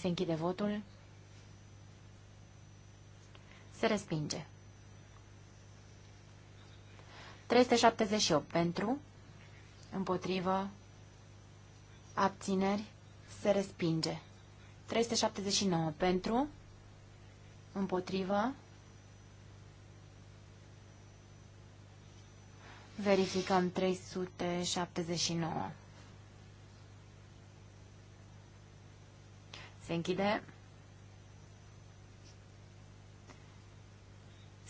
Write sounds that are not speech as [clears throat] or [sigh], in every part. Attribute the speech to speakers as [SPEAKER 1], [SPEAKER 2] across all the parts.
[SPEAKER 1] Se închide votul. Se respinge. 378 pentru, împotrivă, abțineri, se respinge. 379 pentru, împotrivă, verificăm 379. Se închide.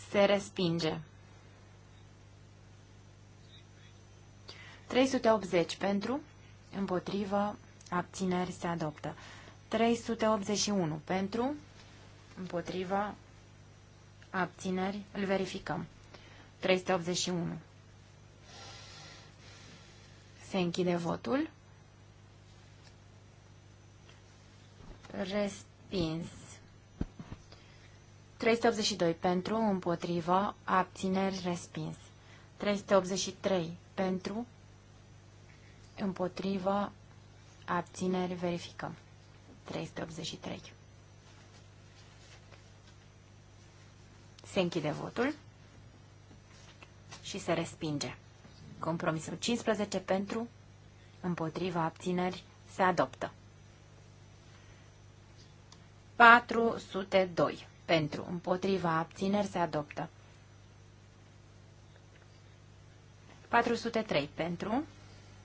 [SPEAKER 1] Se respinge. 380 pentru, împotrivă, abțineri se adoptă. 381 pentru, împotrivă, abțineri, îl verificăm. 381. Se închide votul. Respins. 382 pentru, împotriva, abțineri, respins. 383 pentru, împotriva, abțineri, verificăm. 383. Se închide votul și se respinge. Compromisul 15 pentru, împotriva abțineri, se adoptă. 402 pentru, împotriva, abțineri se adoptă. 403 pentru,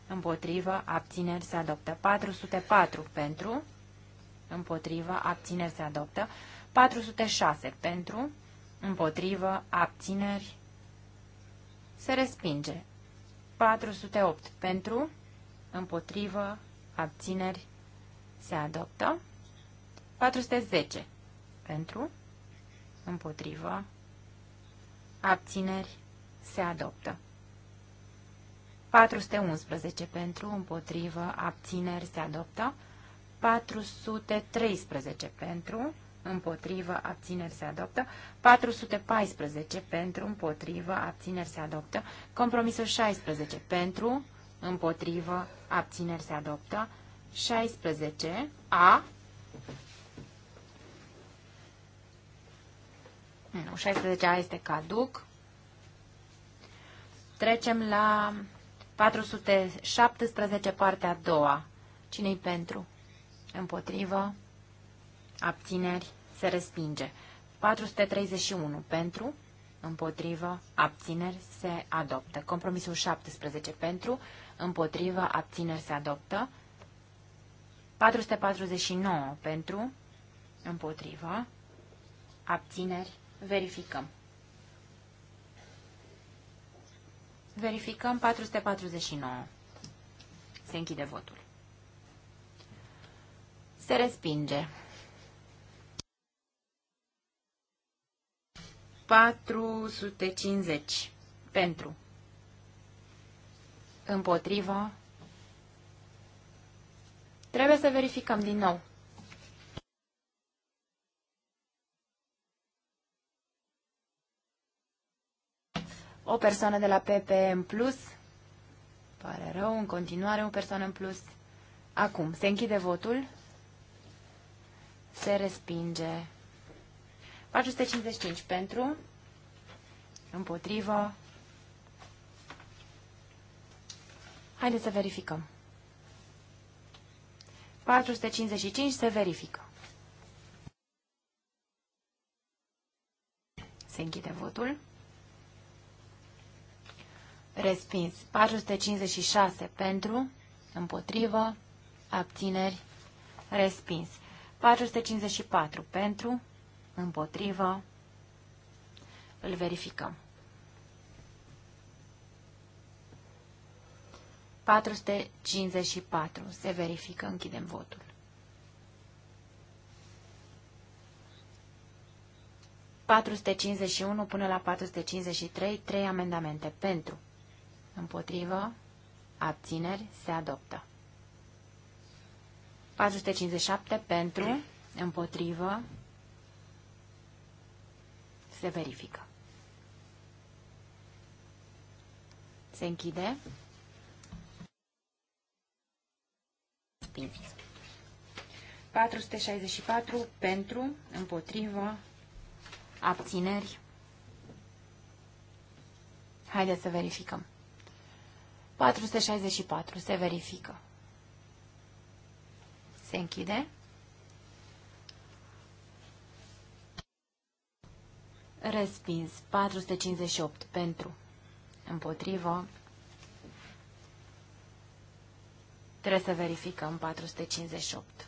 [SPEAKER 1] împotriva abțineri se adoptă. 404 pentru, împotriva abțineri se adoptă. 406 pentru, împotriva abțineri se respinge. 408 pentru, împotriva abțineri se adoptă. 410 pentru, împotrivă, abțineri, se adoptă. 411 pentru, împotrivă, abțineri, se adoptă. 413 pentru, împotrivă, abțineri se adoptă, 414 pentru, împotrivă, abțineri se adoptă, compromisul 16 pentru, împotrivă, abțineri se adoptă, 16 A Nu, 16A este caduc. Trecem la 417, partea a doua. Cine-i pentru? Împotrivă? Abțineri? Se respinge. 431 pentru? Împotrivă? Abțineri? Se adoptă. Compromisul 17 pentru? Împotrivă? Abțineri? Se adoptă. 449 pentru? Împotrivă? Abțineri? Verificăm. Verificăm 449. Se închide votul. Se respinge. 450 pentru împotriva. Trebuie să verificăm din nou. o persoană de la PP în plus. Pare rău, în continuare o persoană în plus. Acum, se închide votul. Se respinge. 455 pentru, împotrivă. Haideți să verificăm. 455 se verifică. Se închide votul. Respins. 456 pentru, împotrivă, abțineri, respins. 454 pentru, împotrivă, îl verificăm. 454. Se verifică. Închidem votul. ...451 până la 453, trei amendamente pentru, împotrivă, abțineri, se adoptă. 457 pentru, împotrivă, se verifică. Se închide. Spins. 464 pentru, împotrivă, abțineri. Haideți să verificăm. 464. Se verifică. Se închide. Respins. 458. Pentru. Împotrivă. Trebuie să verificăm 458.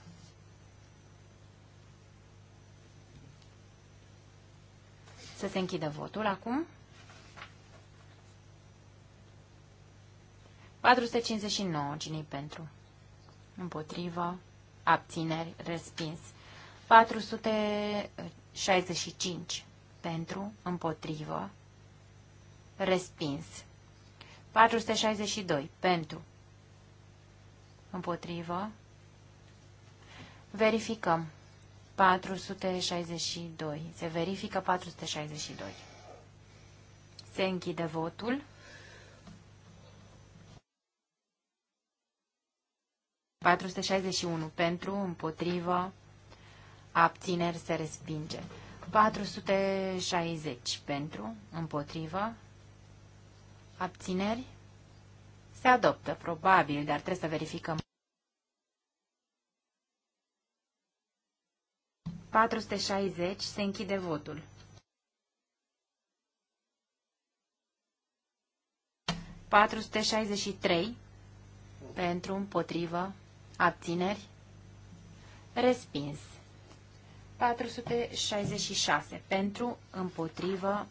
[SPEAKER 1] Să se închidă votul acum. 459. cine pentru? Împotrivă. Abțineri. Respins. 465. Pentru. Împotrivă. Respins. 462. Pentru. Împotrivă. Verificăm. 462. Se verifică 462. Se închide votul. 461 pentru, împotrivă, abțineri se respinge. 460 pentru, împotrivă, abțineri se adoptă, probabil, dar trebuie să verificăm. 460 se închide votul. Patruste șaizeci și trei pentru împotrivă Abțineri? Respins. 466. Pentru, împotrivă,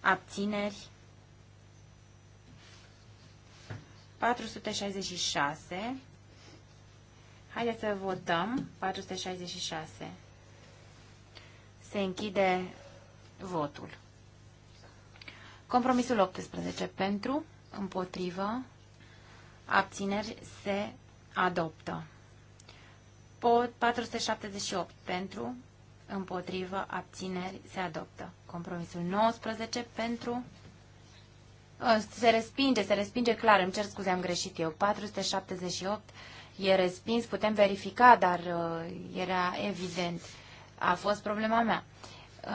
[SPEAKER 1] abțineri. 466. Haideți să votăm. 466. Se închide votul. Compromisul 18. Pentru, împotrivă, abțineri se adoptă. 478 pentru, împotrivă, abțineri, se adoptă. Compromisul 19 pentru, ă, se respinge, se respinge clar, îmi cer scuze, am greșit eu. 478 e respins, putem verifica, dar ă, era evident. A fost problema mea.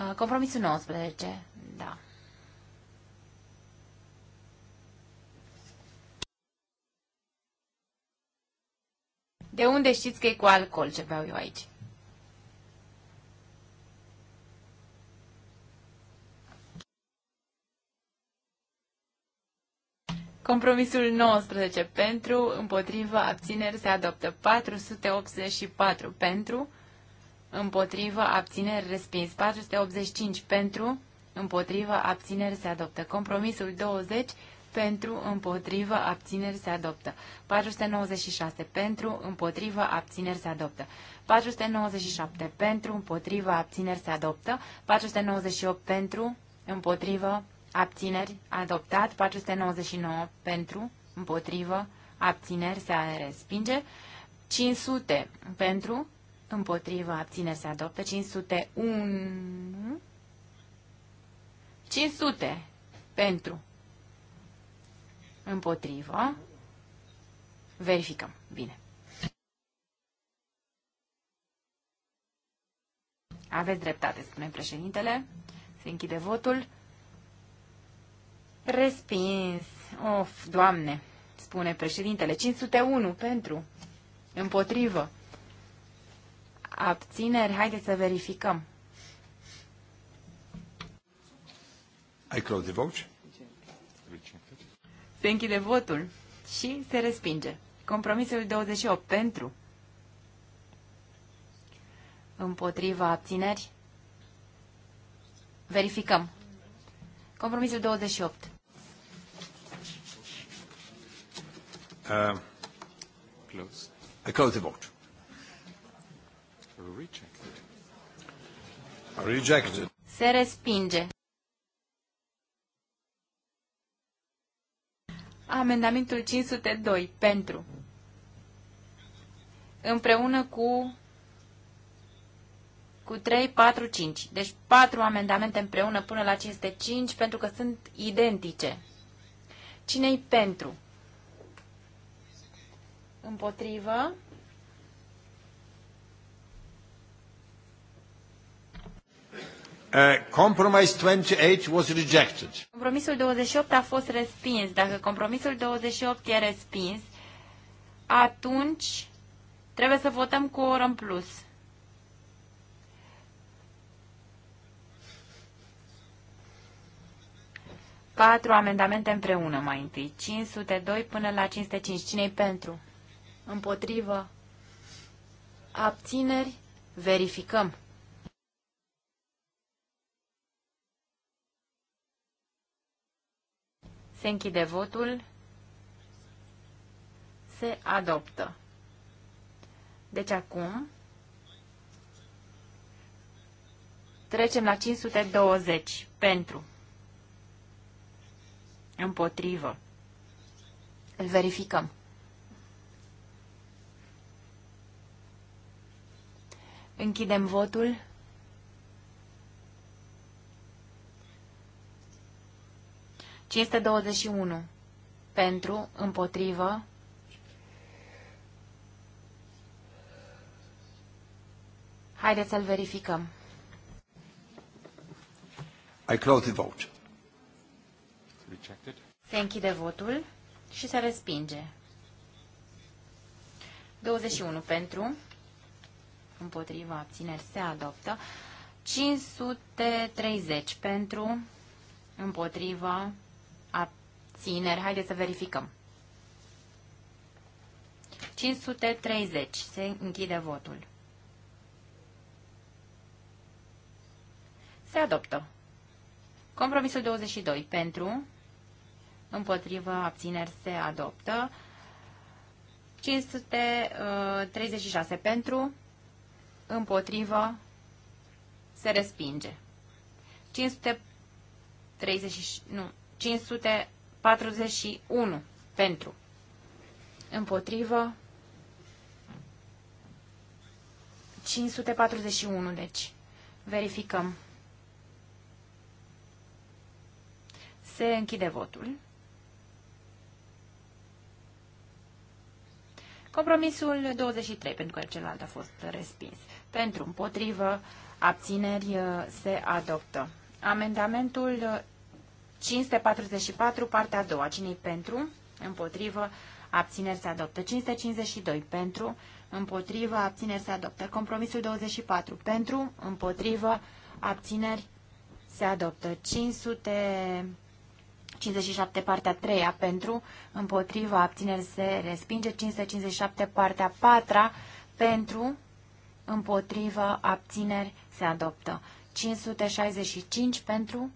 [SPEAKER 1] Ă, compromisul 19, da. De unde știți că e cu alcool ce beau eu aici? Compromisul 19 pentru, împotrivă, abțineri se adoptă 484 pentru, împotrivă, abțineri respins 485 pentru, împotrivă, abțineri se adoptă. Compromisul 20 pentru, împotrivă, abțineri se adoptă. 496 pentru, împotrivă, abțineri se adoptă. 497 pentru, împotrivă, abțineri se adoptă. 498 pentru, împotrivă, abțineri adoptat. 499 pentru, împotrivă, abțineri se respinge. 500 pentru, împotrivă, abțineri se adoptă. 501 500 pentru Împotrivă. Verificăm. Bine. Aveți dreptate, spune președintele. Se închide votul. Respins. Of, doamne, spune președintele. 501 pentru. Împotrivă. Abțineri. Haideți să verificăm.
[SPEAKER 2] I close the vote.
[SPEAKER 1] Se închide votul și se respinge. Compromisul 28 pentru. Împotriva abțineri. Verificăm. Compromisul 28.
[SPEAKER 2] Uh, close. I close the vote. Rejected. Rejected.
[SPEAKER 1] Se respinge. Amendamentul 502 pentru. Împreună cu cu 3, 4, 5. Deci 4 amendamente împreună până la 505 pentru că sunt identice. Cine-i pentru? Împotrivă.
[SPEAKER 3] Uh, compromise 28 was rejected.
[SPEAKER 1] Compromisul 28 a fost respins. Dacă compromisul 28 e respins, atunci trebuie să votăm cu o oră în plus. Patru amendamente împreună mai întâi. 502 până la 505. Cine-i pentru? Împotrivă? Abțineri? Verificăm. Se închide votul. Se adoptă. Deci acum trecem la 520 pentru împotrivă. Îl verificăm. Închidem votul. 521 pentru, împotrivă, Haideți să-l verificăm.
[SPEAKER 2] I close the vote. Rejected.
[SPEAKER 1] Se închide votul și se respinge. 21 pentru, împotriva abțineri se adoptă, 530 pentru, împotriva abțineri. Haideți să verificăm. 530. Se închide votul. Se adoptă. Compromisul 22. Pentru. Împotrivă. Abțineri. Se adoptă. 536. Pentru. Împotrivă. Se respinge. 530. Nu. 500. 41 pentru, împotrivă, 541, deci verificăm. Se închide votul. Compromisul 23, pentru că celălalt a fost respins. Pentru, împotrivă, abțineri se adoptă. Amendamentul 544, partea a doua. cine pentru? Împotrivă. Abțineri se adoptă. 552 pentru. Împotrivă. Abțineri se adoptă. Compromisul 24 pentru. Împotrivă. Abțineri se adoptă. 557 partea 3 -a, pentru. Împotrivă. Abțineri se respinge. 557 partea 4 -a, pentru. Împotrivă. Abțineri se adoptă. 565 pentru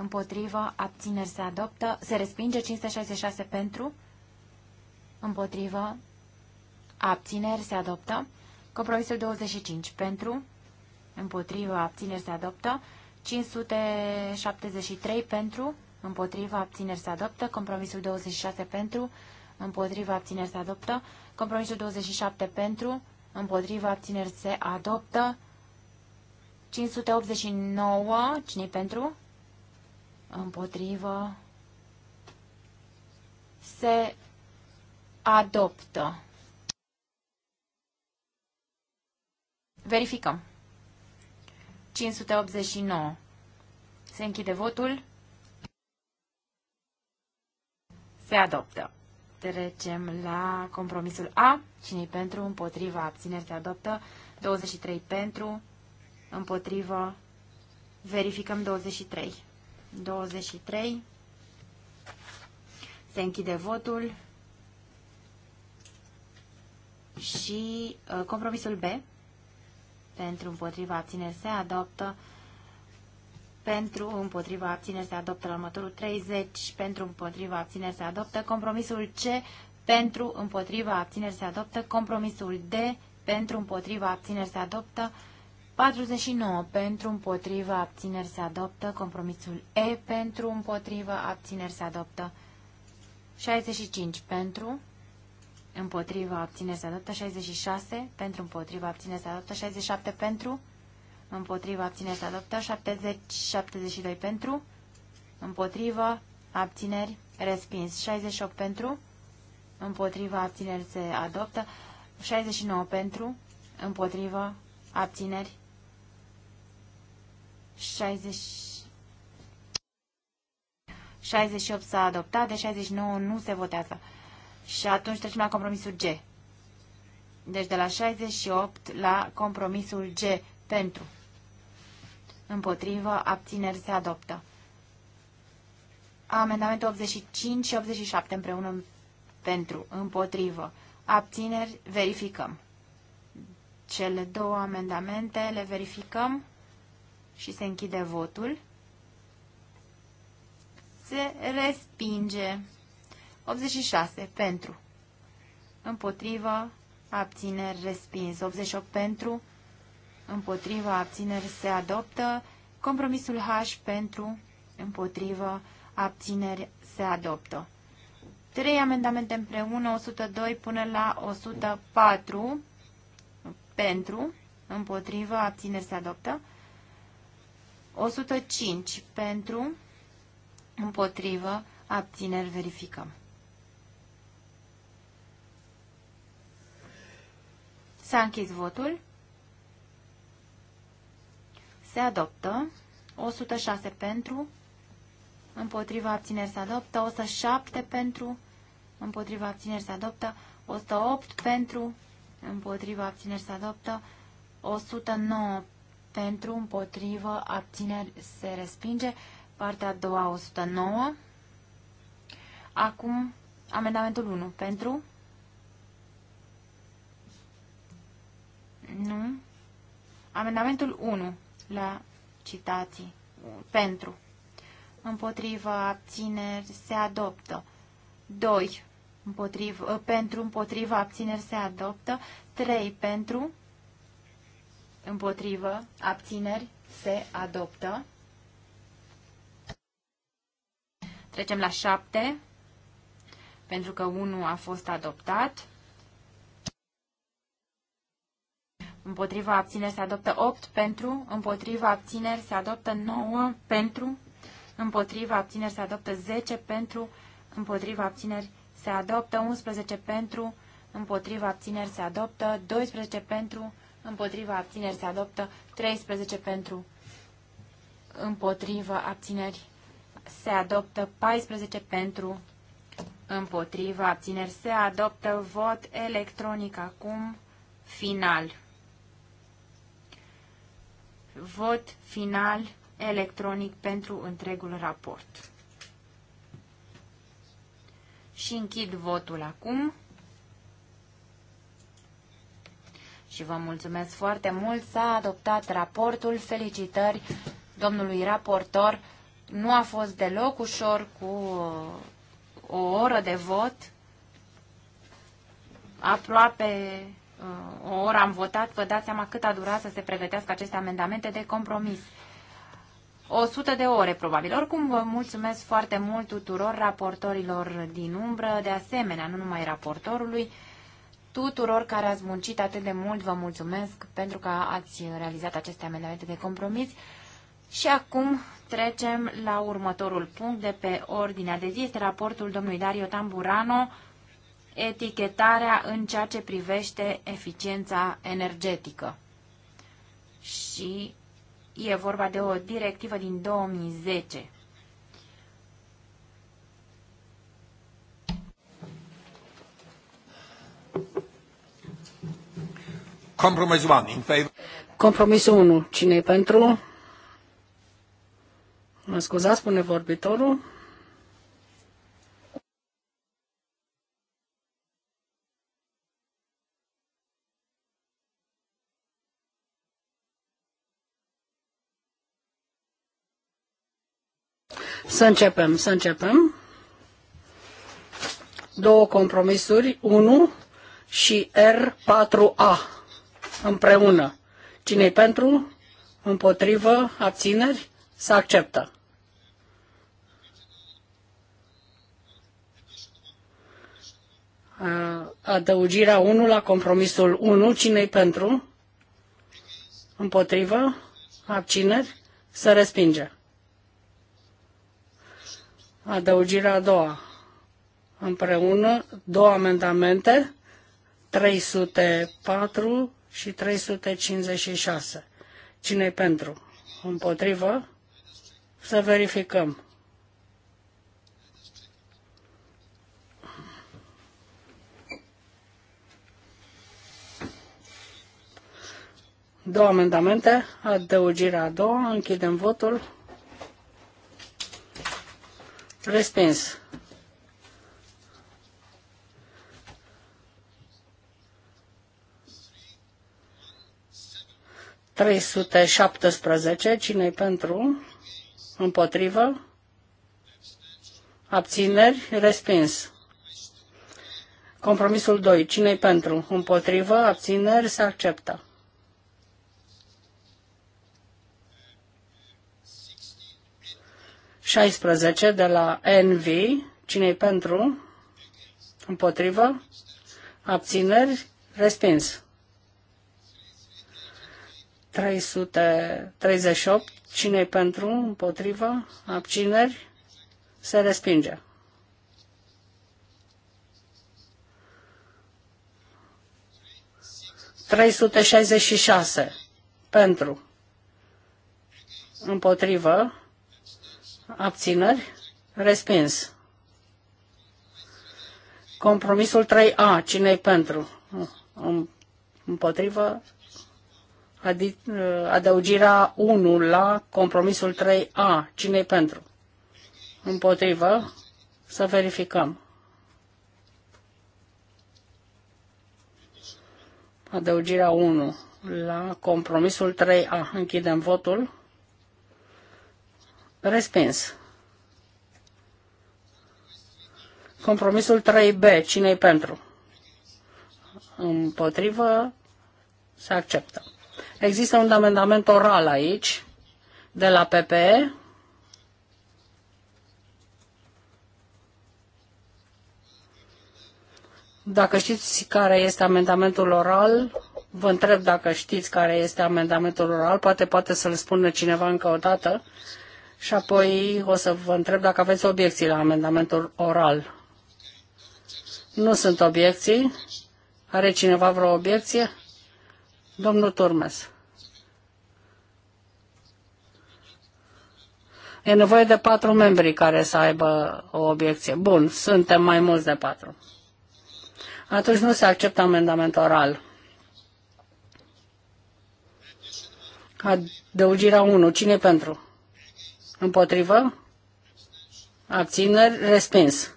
[SPEAKER 1] împotrivă, abțineri se adoptă, se respinge 566 pentru, împotrivă, abțineri se adoptă, compromisul 25 pentru, împotrivă, abțineri se adoptă, 573 pentru, împotrivă, abțineri se adoptă, compromisul 26 pentru, împotrivă, abțineri se adoptă, compromisul 27 pentru, împotrivă, abțineri se adoptă, 589, cine pentru? împotrivă, se adoptă. Verificăm. 589. Se închide votul. Se adoptă. Trecem la compromisul A. Cine-i pentru? Împotriva. Abțineri se adoptă. 23 pentru. Împotrivă. Verificăm 23. 23. Se închide votul. Și uh, compromisul B. Pentru împotriva abțineri se adoptă. Pentru împotriva abțineri se adoptă la următorul 30. Pentru împotriva abțineri se adoptă. Compromisul C. Pentru împotriva abțineri se adoptă. Compromisul D. Pentru împotriva abțineri se adoptă. 49 pentru împotrivă abțineri se adoptă, compromisul E pentru împotrivă abțineri se adoptă, 65 pentru împotrivă abțineri se adoptă, 66 pentru împotrivă abțineri se adoptă, 67 pentru împotrivă abțineri se adoptă, 70, 72 pentru împotrivă abțineri respins, 68 pentru împotrivă abțineri se adoptă, 69 pentru împotrivă abțineri 60... 68 s-a adoptat, de 69 nu se votează. Și atunci trecem la compromisul G. Deci de la 68 la compromisul G pentru. Împotrivă, abțineri se adoptă. Amendamentul 85 și 87 împreună pentru, împotrivă. Abțineri, verificăm. Cele două amendamente le verificăm și se închide votul. Se respinge. 86 pentru. Împotrivă, abțineri, respins. 88 pentru. Împotrivă, abțineri, se adoptă. Compromisul H pentru. Împotrivă, abțineri, se adoptă. Trei amendamente împreună, 102 până la 104 pentru, împotrivă, abțineri se adoptă. 105 pentru, împotrivă, abțineri, verificăm. S-a închis votul. Se adoptă. 106 pentru, împotriva abțineri se adoptă, 107 pentru, împotriva abțineri se adoptă, 108 pentru, împotriva abțineri se adoptă, 109 pentru, împotrivă, abțineri, se respinge. Partea a doua, 109. Acum, amendamentul 1. Pentru? Nu. Amendamentul 1 la citații. Pentru. Împotrivă, abțineri, se adoptă. 2. Împotrivă, pentru, împotrivă, abțineri, se adoptă. 3. Pentru împotrivă, abțineri, se adoptă. Trecem la 7, pentru că 1 a fost adoptat. Împotriva abțineri se adoptă 8 pentru, împotriva abțineri se adoptă 9 pentru, împotriva abțineri se adoptă 10 pentru, împotriva abțineri se adoptă 11 pentru, împotriva abțineri se adoptă 12 pentru, împotriva abțineri se adoptă, 13 pentru, împotriva abțineri se adoptă, 14 pentru, împotriva abțineri se adoptă, vot electronic acum, final. Vot final electronic pentru întregul raport. Și închid votul acum. și vă mulțumesc foarte mult. S-a adoptat raportul. Felicitări domnului raportor. Nu a fost deloc ușor cu uh, o oră de vot. Aproape uh, o oră am votat. Vă dați seama cât a durat să se pregătească aceste amendamente de compromis. O sută de ore, probabil. Oricum, vă mulțumesc foarte mult tuturor raportorilor din umbră, de asemenea, nu numai raportorului. Tuturor care ați muncit atât de mult, vă mulțumesc pentru că ați realizat aceste amendamente de compromis. Și acum trecem la următorul punct de pe ordinea de zi. Este raportul domnului Dario Tamburano, etichetarea în ceea ce privește eficiența energetică. Și e vorba de o directivă din 2010.
[SPEAKER 2] Compromise 1 in favor.
[SPEAKER 3] Compromisul 1. cine e pentru? Mă scuzați, spune vorbitorul. Să începem, să începem. Două compromisuri, 1 și R4A împreună. cine pentru? Împotrivă? Abțineri? să acceptă. Adăugirea 1 la compromisul 1. cine pentru? Împotrivă? Abțineri? să respinge. Adăugirea a doua. Împreună două amendamente 304 și 356. cine pentru? Împotrivă? Să verificăm. Două amendamente, adăugirea a doua, închidem votul. Respins. 317. cine pentru? Împotrivă? Abțineri? Respins. Compromisul 2. cine pentru? Împotrivă? Abțineri? Se acceptă. șaisprezece de la NV. Cine-i pentru? Împotrivă? Abțineri? Respins. 338. Cine-i pentru? Împotrivă? Abțineri? Se respinge. șase pentru, împotrivă, abțineri, respins. Compromisul 3A, cine pentru? Împotrivă, Uh, adăugirea 1 la compromisul 3A. Cine-i pentru? Împotrivă? Să verificăm. Adăugirea 1 la compromisul 3A. Închidem votul. Respins. Compromisul 3B. Cine-i pentru? Împotrivă? Se acceptă. Există un amendament oral aici, de la PPE. Dacă știți care este amendamentul oral, vă întreb dacă știți care este amendamentul oral, poate poate să-l spună cineva încă o dată și apoi o să vă întreb dacă aveți obiecții la amendamentul oral. Nu sunt obiecții. Are cineva vreo obiecție? Domnul Turmes. E nevoie de patru membri care să aibă o obiecție. Bun, suntem mai mulți de patru. Atunci nu se acceptă amendament oral. Adăugirea 1. Cine pentru? Împotrivă? Abțineri? Respins.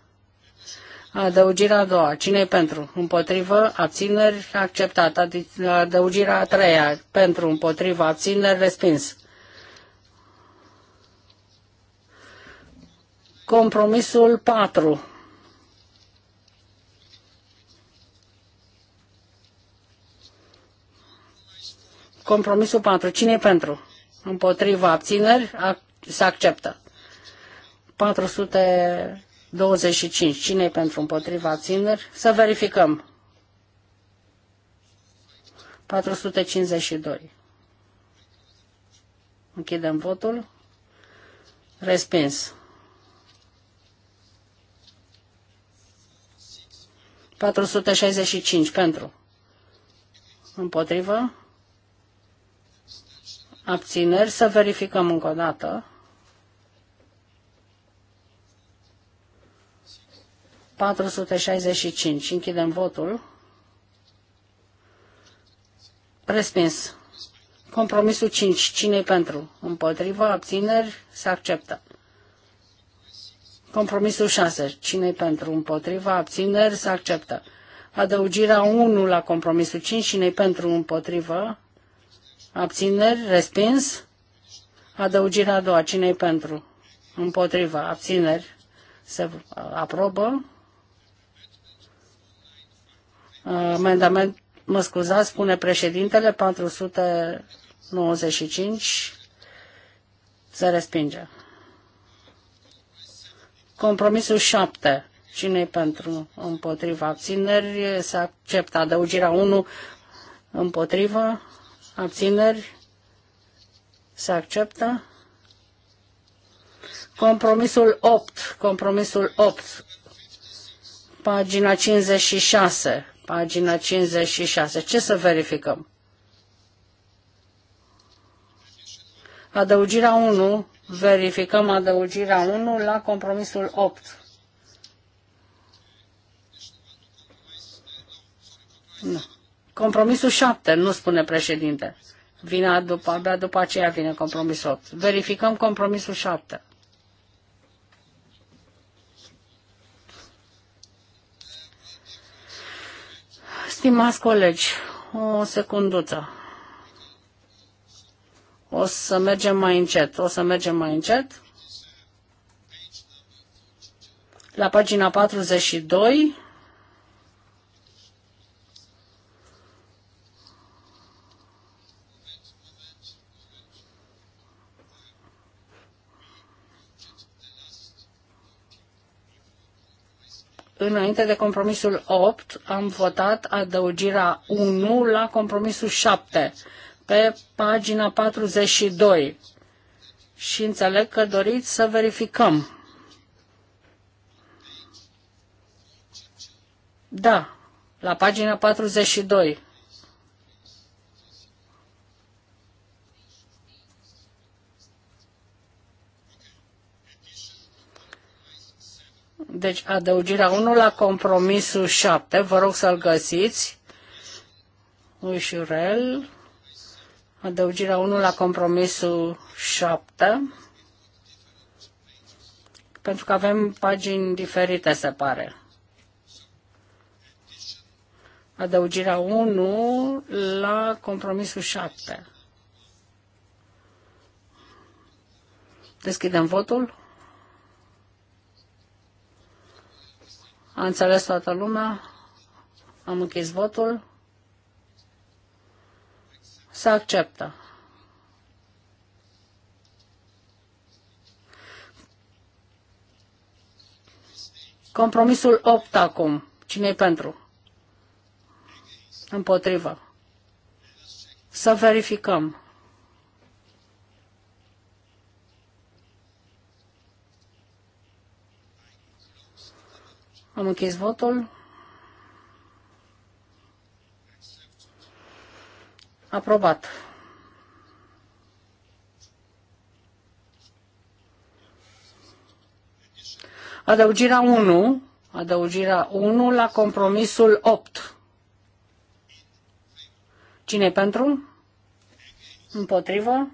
[SPEAKER 3] Adăugirea a doua. cine e pentru? Împotrivă? Abțineri? Acceptat. Adăugirea a treia. Pentru? Împotrivă? Abțineri? Respins. Compromisul 4. Compromisul 4. cine e pentru? Împotrivă? abțineri? Se acceptă. 400 25. Cine e pentru împotriva țineri? Să verificăm. 452. Închidem votul. Respins. 465 pentru. Împotrivă. Abțineri. Să verificăm încă o dată. 465. Închidem votul. Respins. Compromisul 5. cine pentru? Împotrivă, abțineri, se acceptă. Compromisul 6. cine pentru? Împotrivă, abțineri, se acceptă. Adăugirea 1 la compromisul 5. cine pentru? Împotrivă, abțineri, respins. Adăugirea a doua. cine pentru? Împotrivă, abțineri, se aprobă. Uh, amendament, mă scuzați, spune președintele, 495 se respinge. Compromisul 7. cine pentru? Împotriva abțineri. Se acceptă adăugirea 1. Împotriva abțineri. Se acceptă. Compromisul 8. Compromisul 8. Pagina 56. Pagina 56. Ce să verificăm? Adăugirea 1. Verificăm adăugirea 1 la compromisul 8. Nu. Compromisul 7, nu spune președinte. Vine după, abia după aceea vine compromisul 8. Verificăm compromisul 7. Stimați colegi, o secunduță. O să mergem mai încet, o să mergem mai încet. La pagina 42, înainte de compromisul 8 am votat adăugirea 1 la compromisul 7 pe pagina 42 și înțeleg că doriți să verificăm. Da, la pagina 42. Deci adăugirea 1 la compromisul 7, vă rog să-l găsiți. Ușurel. Adăugirea 1 la compromisul 7. Pentru că avem pagini diferite, se pare. Adăugirea 1 la compromisul 7. Deschidem votul. A înțeles toată lumea? Am închis votul. Se acceptă. Compromisul 8 acum. cine e pentru? Împotrivă. Să verificăm. Am închis votul. Aprobat. Adăugirea 1, adăugirea 1 la compromisul 8. cine pentru? Împotrivă?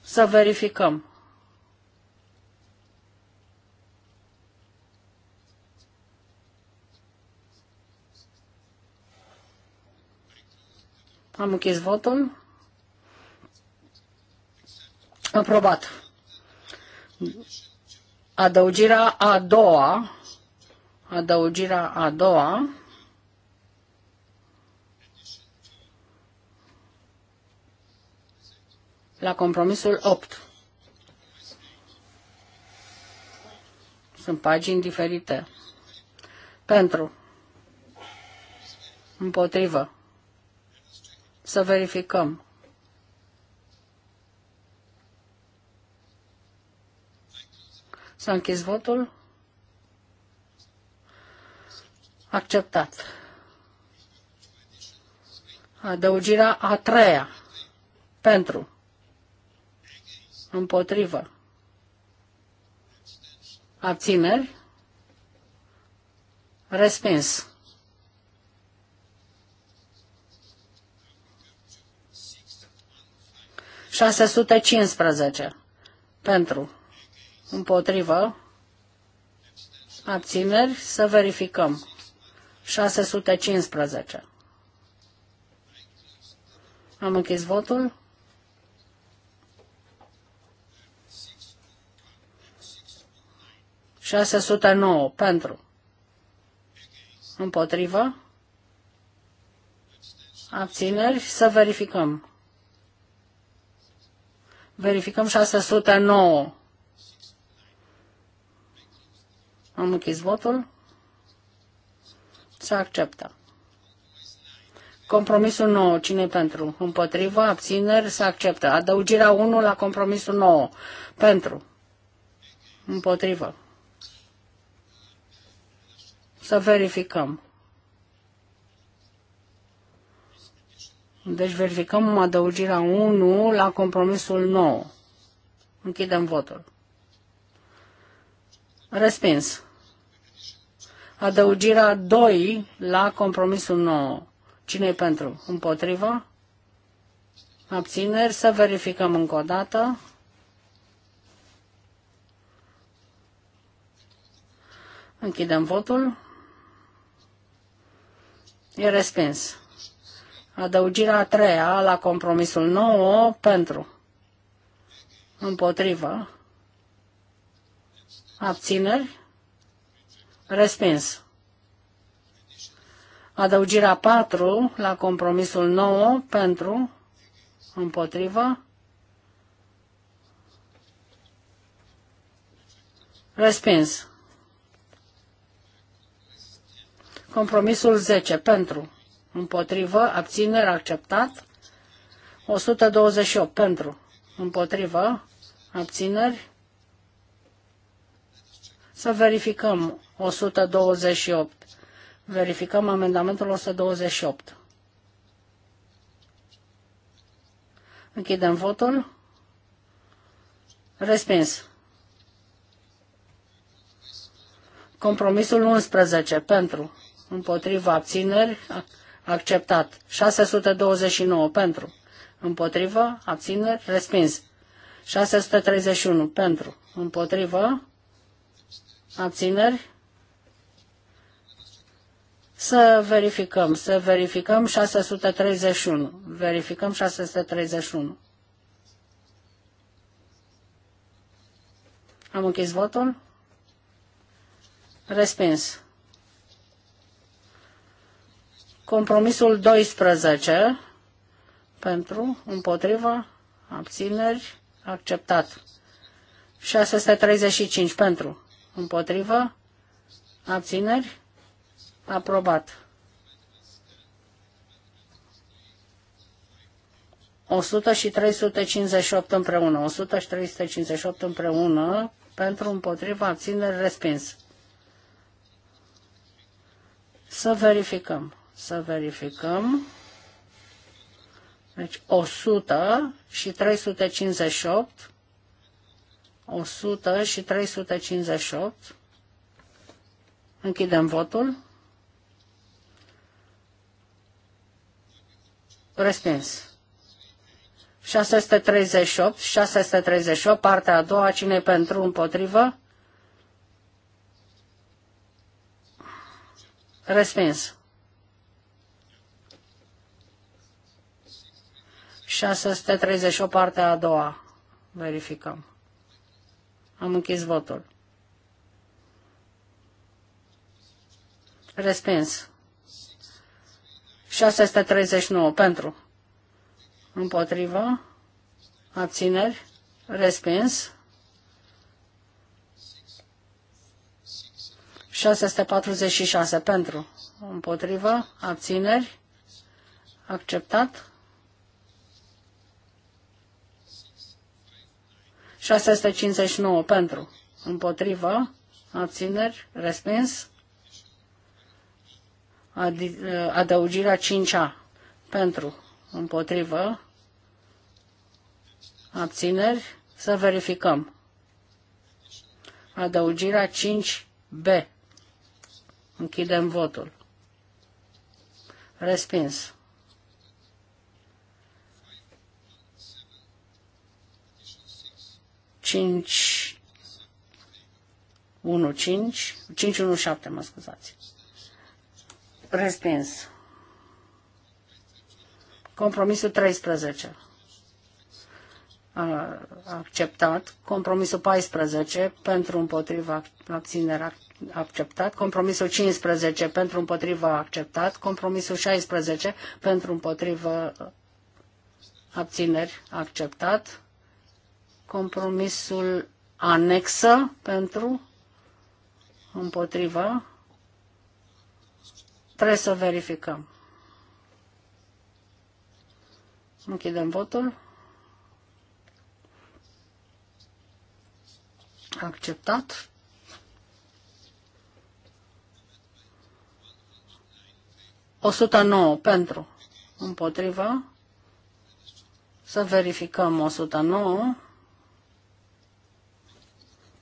[SPEAKER 3] Să verificăm. Am închis votul. Aprobat. Adăugirea a doua. Adăugirea a doua. La compromisul 8. Sunt pagini diferite. Pentru. Împotrivă. Să verificăm. S-a închis votul. Acceptat. Adăugirea a treia. Pentru. Împotrivă. Abțineri. Respins. 615 pentru, împotrivă, abțineri, să verificăm. 615. Am închis votul. 609 pentru. Împotrivă. Abțineri. Să verificăm. Verificăm 609. Am închis votul. Se acceptă. Compromisul 9. cine pentru? Împotrivă, abțineri, se acceptă. Adăugirea 1 la compromisul 9. Pentru. Împotrivă. Să verificăm. Deci verificăm adăugirea 1 la compromisul 9. Închidem votul. Respins. Adăugirea 2 la compromisul 9. Cine e pentru? Împotriva? Abțineri? Să verificăm încă o dată. Închidem votul. E respins. Adăugirea a treia la compromisul 9 pentru. Împotrivă. Abțineri. Respins. Adăugirea 4 la compromisul 9 pentru. Împotrivă. Respins. Compromisul 10 pentru împotrivă, abținere, acceptat. 128 pentru, împotrivă, abțineri. Să verificăm 128. Verificăm amendamentul 128. Închidem votul. Respins. Compromisul 11 pentru, împotriva abțineri, acceptat. 629 pentru, împotrivă, abțineri, respins. 631 pentru, împotrivă, abțineri. Să verificăm, să verificăm 631. Verificăm 631. Am închis votul. Respins. Compromisul 12 pentru, împotriva, abțineri, acceptat. 635 pentru, împotriva abțineri, aprobat. 100 și 358 împreună, 100 și 358 împreună, pentru împotriva abțineri respins. Să verificăm. Să verificăm. Deci 100 și 358. 100 și 358. Închidem votul. Respins. 638, 638, partea a doua, cine pentru, împotrivă? Respins. 638, partea a doua. Verificăm. Am închis votul. Respins. 639 pentru. Împotrivă. Abțineri. Respins. 646 pentru. Împotrivă. Abțineri. Acceptat. 659 pentru, împotrivă, abțineri, respins. Uh, adăugirea 5A pentru, împotrivă, abțineri, să verificăm. Adăugirea 5B. Închidem votul. Respins. 5 1 5 5 1 7, mă scuzați. Respins. Compromisul 13. A acceptat. Compromisul 14 pentru împotriva abținerea acceptat, compromisul 15 pentru împotriva acceptat, compromisul 16 pentru împotriva abțineri acceptat, Compromisul anexă pentru, împotriva, trebuie să verificăm. Închidem votul. Acceptat. O sută nouă pentru împotriva. Să verificăm o sută nouă.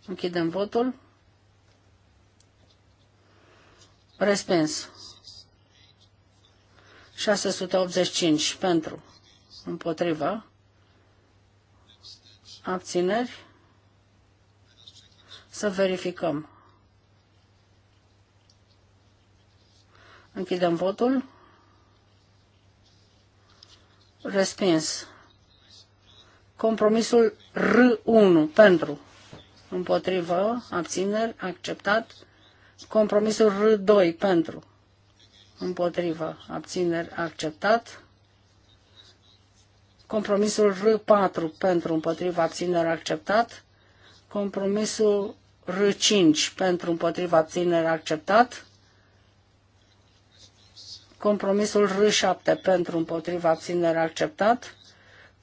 [SPEAKER 3] Închidem votul. Respins. 685 pentru. Împotriva. Abțineri. Să verificăm. Închidem votul. Respins. Compromisul R1 pentru împotrivă, abțineri, acceptat. Compromisul R2 pentru, împotrivă, abțineri, acceptat. Compromisul R4 pentru, împotrivă, abțineri, acceptat. Compromisul R5 pentru, împotrivă, abțineri, acceptat. Compromisul R7 pentru, împotrivă, abțineri, acceptat.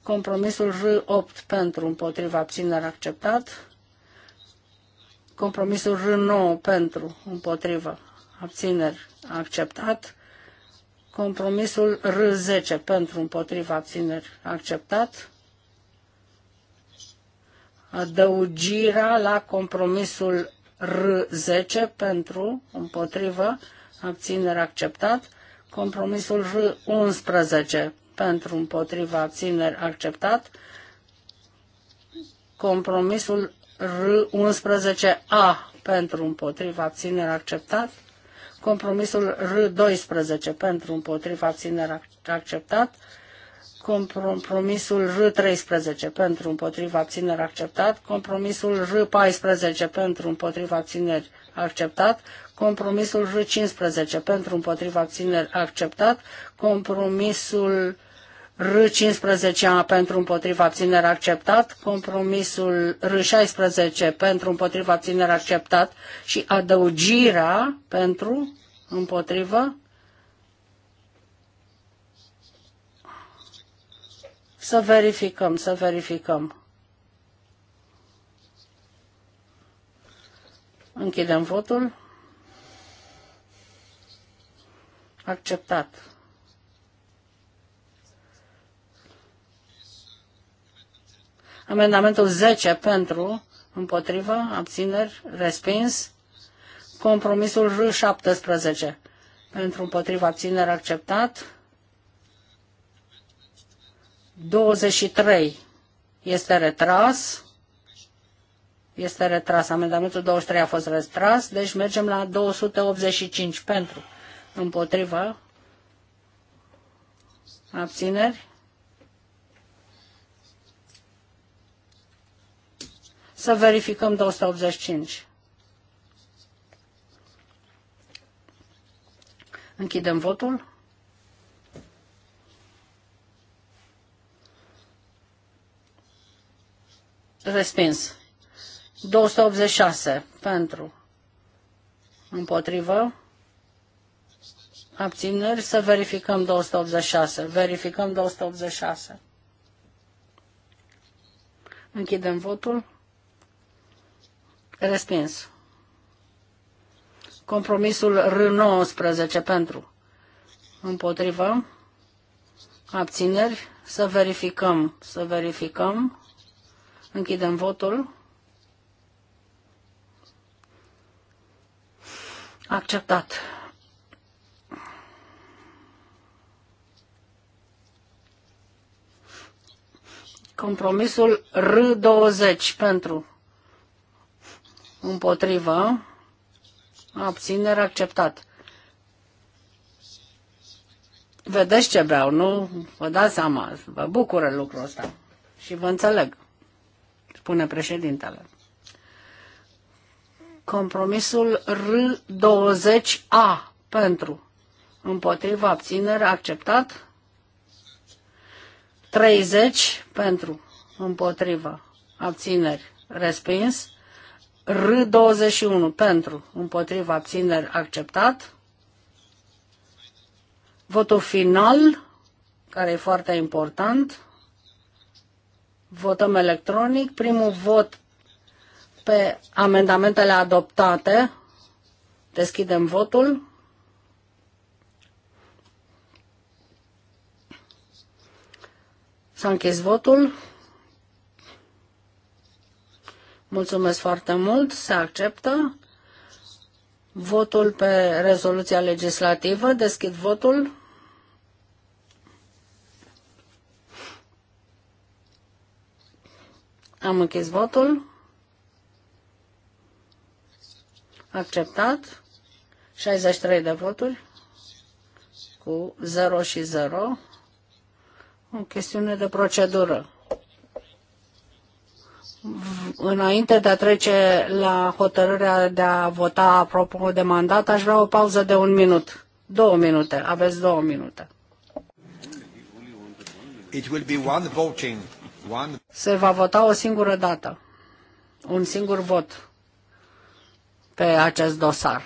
[SPEAKER 3] Compromisul R8 pentru, împotrivă, abțineri, acceptat Compromisul R9 pentru, împotrivă, abțineri, acceptat. Compromisul R10 pentru, împotrivă, abțineri, acceptat. Adăugirea la compromisul R10 pentru, împotrivă, abțineri, acceptat. Compromisul R11 pentru, împotrivă, abțineri, acceptat compromisul R11A pentru împotriva abținere acceptat. Compromisul R12 pentru împotriva abținere acceptat. Compromisul R13 pentru împotriva abținere acceptat. Compromisul R14 pentru împotriva abțineri acceptat. Compromisul R15 pentru împotriva abțineri acceptat. Compromisul R15A pentru împotriva abținere acceptat, compromisul R16 pentru împotriva abținere acceptat și adăugirea pentru împotriva Să verificăm, să verificăm. Închidem votul. Acceptat. Amendamentul 10 pentru, împotrivă, abțineri, respins. Compromisul R17 pentru, împotrivă, abțineri, acceptat. 23 este retras. Este retras. Amendamentul 23 a fost retras. Deci mergem la 285 pentru. Împotrivă. Abțineri. Să verificăm 285. Închidem votul. Respins. 286 pentru. Împotrivă. Abțineri să verificăm 286. Verificăm 286. Închidem votul. Respins. Compromisul R19 pentru. Împotrivă. Abțineri. Să verificăm. Să verificăm. Închidem votul. Acceptat. Compromisul R20 pentru împotrivă, abținere acceptat. Vedeți ce beau, nu? Vă dați seama, vă bucură lucrul ăsta și vă înțeleg, spune președintele. Compromisul R20A pentru împotriva abținere acceptat 30 pentru împotriva abțineri respins R21 pentru, împotriva abțineri acceptat. Votul final, care e foarte important. Votăm electronic. Primul vot pe amendamentele adoptate. Deschidem votul. S-a închis votul. Mulțumesc foarte mult. Se acceptă votul pe rezoluția legislativă. Deschid votul. Am închis votul. Acceptat. 63 de voturi cu 0 și 0. O chestiune de procedură. Înainte de a trece la hotărârea de a vota apropo de mandat, aș vrea o pauză de un minut. Două minute. Aveți două minute.
[SPEAKER 2] It will be one voting. One...
[SPEAKER 3] Se va vota o singură dată. Un singur vot pe acest dosar.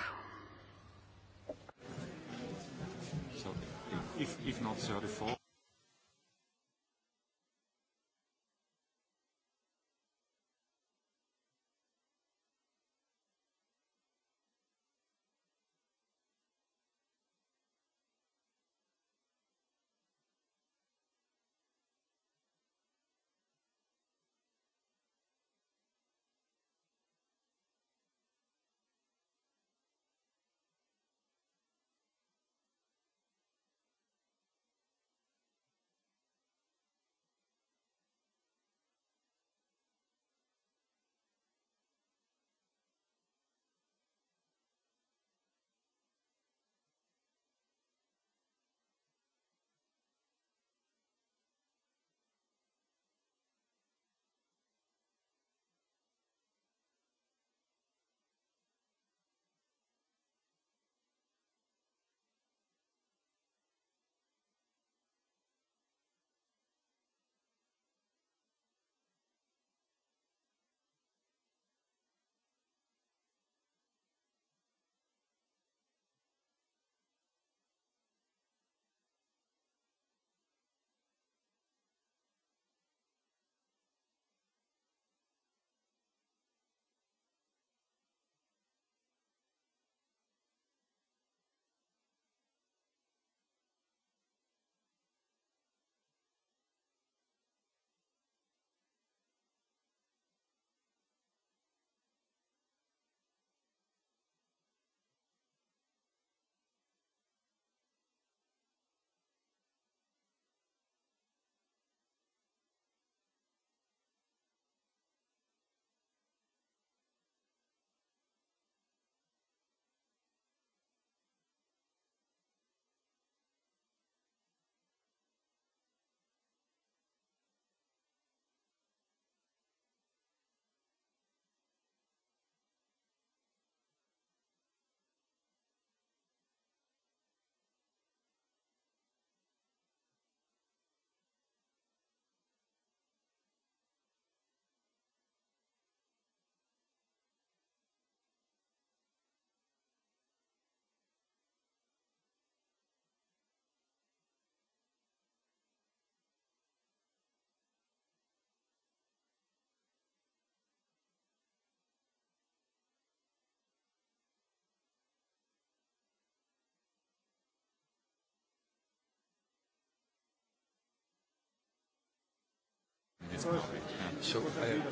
[SPEAKER 1] So, uh,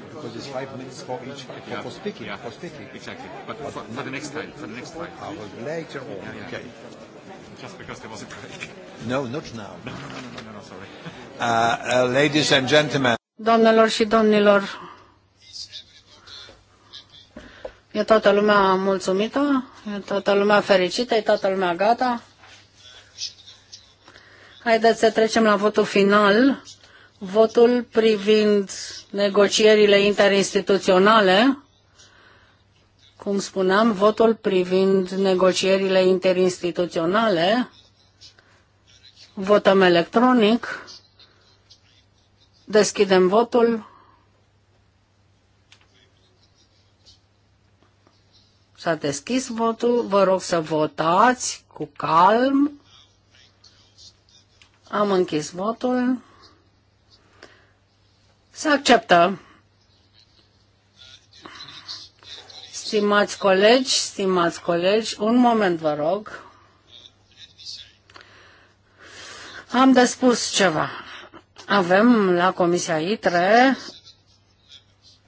[SPEAKER 1] because it's five minutes for each for, yeah. for
[SPEAKER 2] speaking. Yeah. For speaking. Exactly. But, but for, for the next time. For the next time. Uh,
[SPEAKER 3] later on. Yeah, yeah. Okay.
[SPEAKER 1] Just because there was a break. No, not now. No, no, no, no,
[SPEAKER 2] no, no sorry. Uh, uh, ladies and gentlemen.
[SPEAKER 3] Doamnelor și domnilor, e toată lumea mulțumită, e toată lumea fericită, e toată lumea gata. Haideți să trecem la votul final Votul privind negocierile interinstituționale, cum spuneam, votul privind negocierile interinstituționale, votăm electronic, deschidem votul, s-a deschis votul, vă rog să votați cu calm, am închis votul. Să acceptă. Stimați colegi, stimați colegi, un moment vă rog. Am de spus ceva. Avem la Comisia ITRE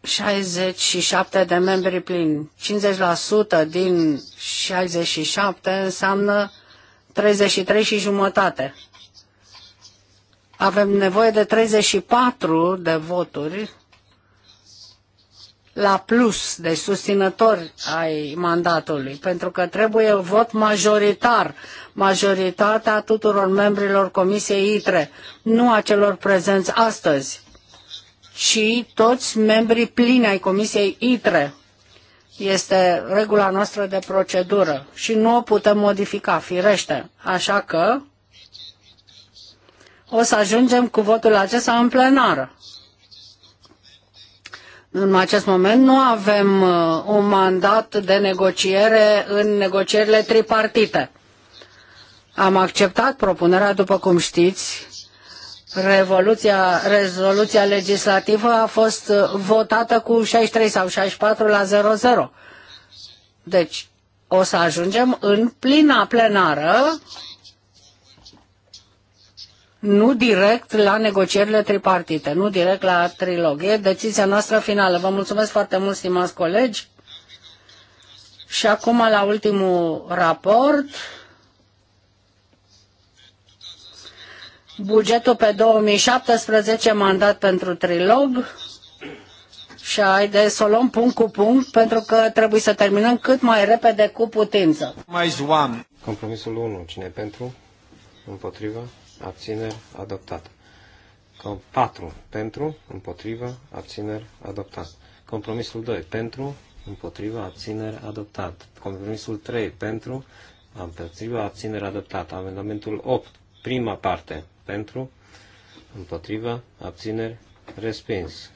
[SPEAKER 3] 67 de membri plini. 50% din 67 înseamnă 33 și jumătate. Avem nevoie de 34 de voturi la plus, de susținători ai mandatului, pentru că trebuie un vot majoritar, majoritatea tuturor membrilor Comisiei ITRE, nu a celor prezenți astăzi, ci toți membrii plini ai Comisiei ITRE. Este regula noastră de procedură și nu o putem modifica, firește. Așa că o să ajungem cu votul acesta în plenară. În acest moment nu avem uh, un mandat de negociere în negocierile tripartite. Am acceptat propunerea, după cum știți, Revoluția, rezoluția legislativă a fost uh, votată cu 63 sau 64 la 00. Deci o să ajungem în plina plenară nu direct la negocierile tripartite, nu direct la trilog. E decizia noastră finală. Vă mulțumesc foarte mult, stimați colegi. Și acum la ultimul raport. Bugetul pe 2017, mandat pentru trilog. Și haideți să o luăm punct cu punct, pentru că trebuie să terminăm cât mai repede cu putință.
[SPEAKER 2] Mai Compromisul 1. Cine pentru? Împotriva? abțineri, adoptat. Com 4 pentru, împotrivă, abțineri, adoptat. Compromisul 2 pentru, împotrivă, abțineri, adoptat. Compromisul 3 pentru, împotrivă, abțineri, adoptat. Amendamentul 8, prima parte, pentru, împotrivă, abțineri, respins.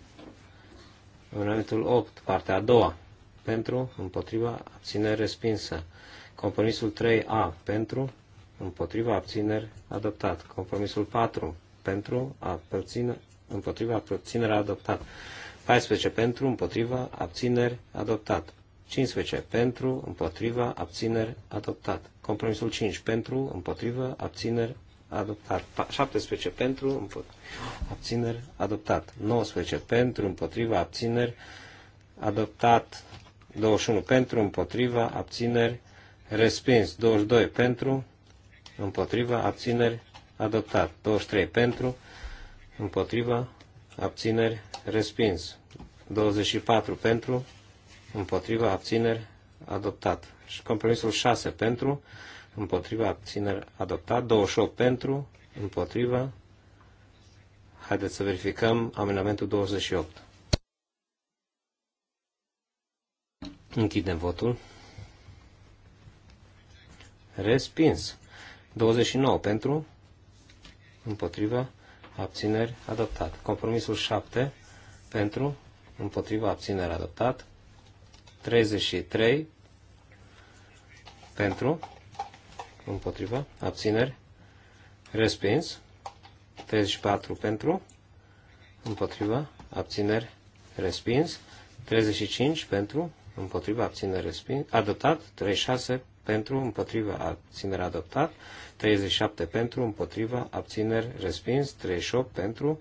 [SPEAKER 2] Amendamentul 8, partea a doua, pentru, împotriva, abținere respinsă. Compromisul 3A, pentru, împotriva abțineri adoptat. Compromisul 4 pentru abține, împotriva abținerea adoptat. 14 pentru împotriva abțineri adoptat. 15 pentru împotriva abțineri adoptat. Compromisul 5 pentru împotriva abțineri adoptat. 17 pentru împotriva abțineri adoptat. 19 pentru împotriva abțineri adoptat. 21 pentru împotriva abțineri respins. 22 pentru împotriva, abțineri, adoptat. 23 pentru, împotriva, abțineri, respins. 24 pentru, împotriva, abțineri, adoptat. Și compromisul 6 pentru, împotriva, abțineri, adoptat. 28 pentru, împotriva. Haideți să verificăm amendamentul 28. Închidem votul. Respins. 29 pentru, împotriva, abțineri, adoptat. Compromisul 7 pentru, împotriva, abțineri, adoptat. 33 pentru, împotriva, abțineri, respins. 34 pentru, împotriva, abțineri, respins. 35 pentru, împotriva, abțineri, respins. Adoptat. 36 pentru, împotriva, abțineri adoptat, 37 pentru, împotriva, abțineri respins, 38 pentru,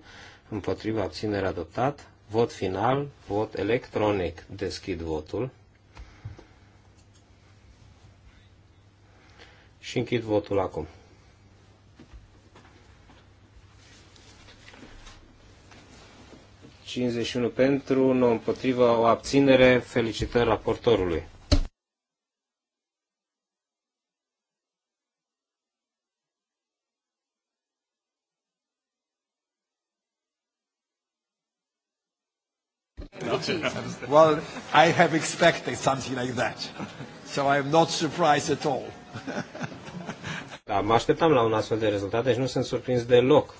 [SPEAKER 2] împotriva, abțineri adoptat, vot final, vot electronic, deschid votul și închid votul acum. unu pentru, 9 împotriva, o abținere. Felicitări raportorului.
[SPEAKER 3] Parties. well,
[SPEAKER 1] I have expected something like that. So I am not surprised at all.
[SPEAKER 2] da, mă așteptam la un astfel de rezultat, deci nu sunt surprins deloc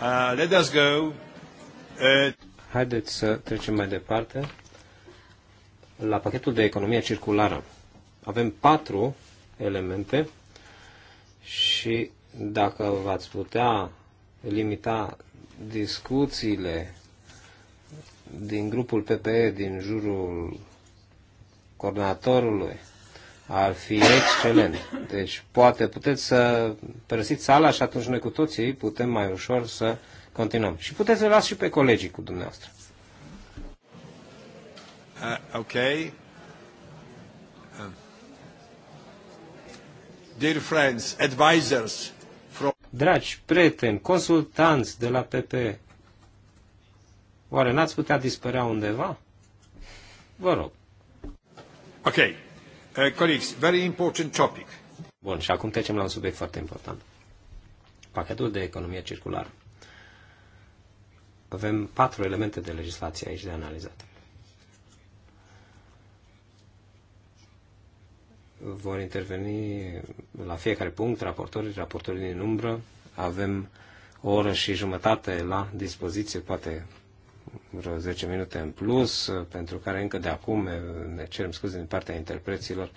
[SPEAKER 2] Uh, let us go. Uh, Haideți să trecem mai departe la pachetul de economie circulară. Avem patru elemente și dacă v-ați putea limita discuțiile din grupul PPE din jurul coordonatorului ar fi excelent. Deci poate puteți să părăsiți sala și atunci noi cu toții putem mai ușor să continuăm. Și puteți să și pe colegii cu dumneavoastră. Uh, ok. Uh. Dear friends, advisors from... Dragi prieteni, consultanți de la PP, oare n-ați putea dispărea undeva? Vă rog. Okay. Uh, colleagues, very important topic. Bun, și acum trecem la un subiect foarte important. Pachetul de economie circulară. Avem patru elemente de legislație aici de analizat. Vor interveni la fiecare punct raportorii, raportorii din umbră. Avem o oră și jumătate la dispoziție, poate vreo 10 minute în plus, uh, pentru care încă de acum uh, ne cerem scuze din partea interpreților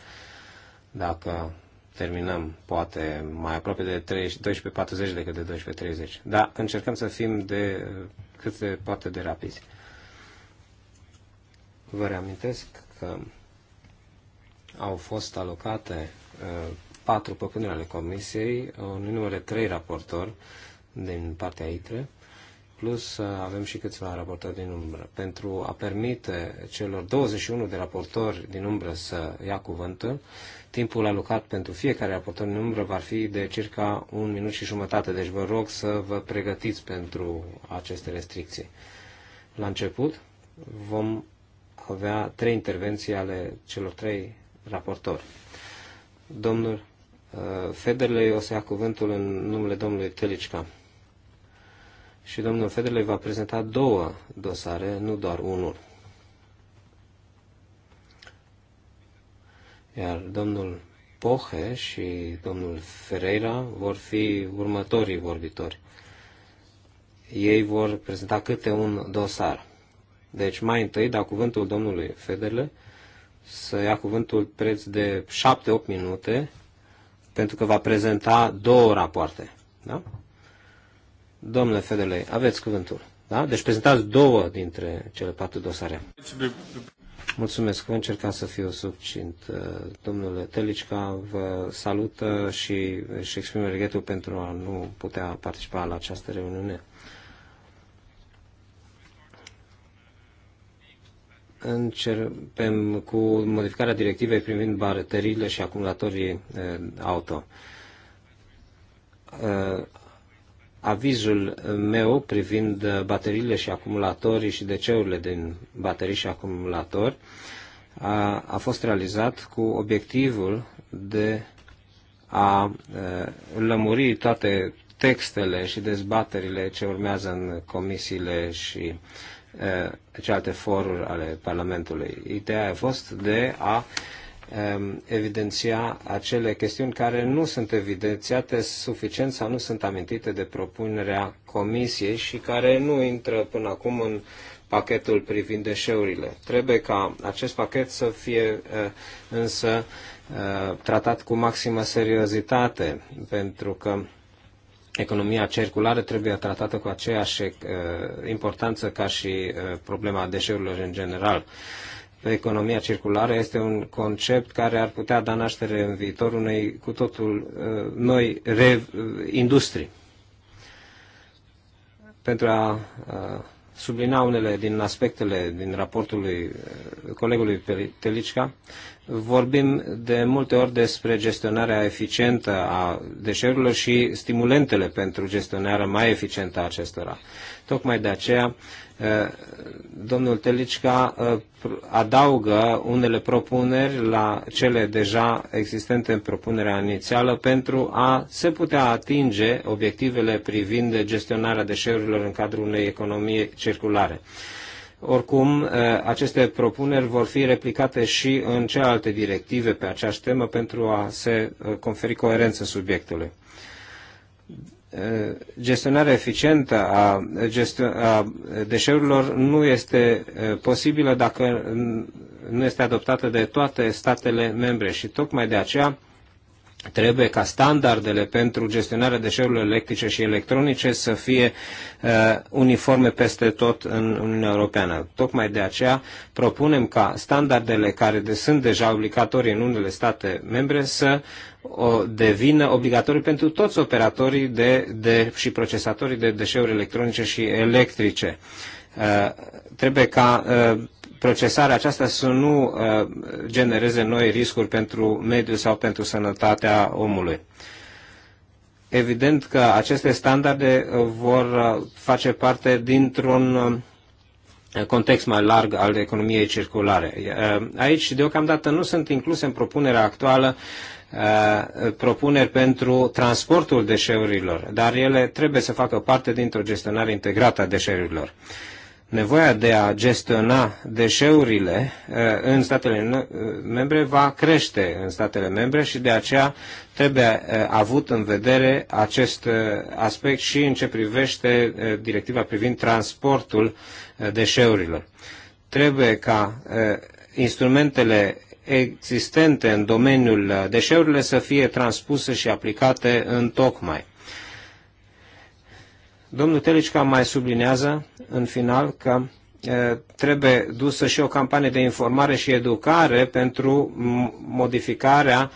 [SPEAKER 2] dacă terminăm poate mai aproape de 12.40 decât de 12.30. Dar încercăm să fim de uh, cât se poate de rapizi. Vă reamintesc că au fost alocate patru propuneri ale Comisiei, număr de trei raportori din partea ITRE, plus uh, avem și câțiva raportori din umbră. Pentru a permite celor 21 de raportori din umbră să ia cuvântul, timpul alocat pentru fiecare raportor din umbră va fi de circa un minut și jumătate, deci vă rog să vă pregătiți pentru aceste restricții. La început vom avea trei intervenții ale celor trei raportori. Domnul uh, Federle o să ia cuvântul în numele domnului Tălicica și domnul Federle va prezenta două dosare, nu doar unul. Iar domnul Pohe și domnul Ferreira vor fi următorii vorbitori. Ei vor prezenta câte un dosar. Deci mai întâi da cuvântul domnului Federle să ia cuvântul preț de 7-8 minute pentru că va prezenta două rapoarte. Da? Domnule Fedele, aveți cuvântul. Da? Deci prezentați două dintre cele patru dosare. Mulțumesc, voi încerca să fiu succint. Uh, domnule Telicca, vă salută și își exprimă regretul pentru a nu putea participa la această reuniune. Începem cu modificarea directivei privind bateriile și acumulatorii uh, auto uh, avizul meu privind bateriile și acumulatorii și deceurile din baterii și acumulatori a, a fost realizat cu obiectivul de a, a lămuri toate textele și dezbaterile ce urmează în comisiile și a, celelalte foruri ale Parlamentului. Ideea a fost de a, a Um, evidenția acele chestiuni care nu sunt evidențiate suficient sau nu sunt amintite de propunerea comisiei și care nu intră până acum în pachetul privind deșeurile. Trebuie ca acest pachet să fie uh, însă uh, tratat cu maximă seriozitate, pentru că economia circulară trebuie tratată cu aceeași uh, importanță ca și problema deșeurilor în general economia circulară este un concept care ar putea da naștere în viitor unei cu totul uh, noi re, uh, industrii. Pentru a uh, sublina unele din aspectele din raportul lui, colegului Telicca, vorbim de multe ori despre gestionarea eficientă a deșeurilor și stimulentele pentru gestionarea mai eficientă a acestora. Tocmai de aceea Eh, domnul Telicca eh, adaugă unele propuneri la cele deja existente în propunerea inițială pentru a se putea atinge obiectivele privind gestionarea deșeurilor în cadrul unei economii circulare. Oricum, eh, aceste propuneri vor fi replicate și în celelalte directive pe aceeași temă pentru a se conferi coerență subiectului. Eh, gestionarea eficientă a, gestio- a deșeurilor nu este eh, posibilă dacă nu este adoptată de toate statele membre și tocmai de aceea Trebuie ca standardele pentru gestionarea deșeurilor electrice și electronice să fie uh, uniforme peste tot în Uniunea Europeană. Tocmai de aceea propunem ca standardele care de, sunt deja obligatorii în unele state membre să o, devină obligatorii pentru toți operatorii de, de, și procesatorii de deșeuri electronice și electrice. Uh, trebuie ca uh, procesarea aceasta să nu uh, genereze noi riscuri pentru mediu sau pentru sănătatea omului. Evident că aceste standarde uh, vor uh, face parte dintr-un context mai larg al economiei circulare. Aici, deocamdată, nu sunt incluse în propunerea actuală propuneri pentru transportul deșeurilor, dar ele trebuie să facă parte dintr-o gestionare integrată a deșeurilor nevoia de a gestiona deșeurile eh, în statele eh, membre va crește în statele membre și de aceea trebuie eh, avut în vedere acest aspect și în ce privește directiva privind transportul deșeurilor. Trebuie ca instrumentele existente în domeniul deșeurilor să fie transpuse și aplicate în tocmai. Domnul Telicca mai sublinează în final că trebuie dusă și o campanie de informare și educare pentru modificarea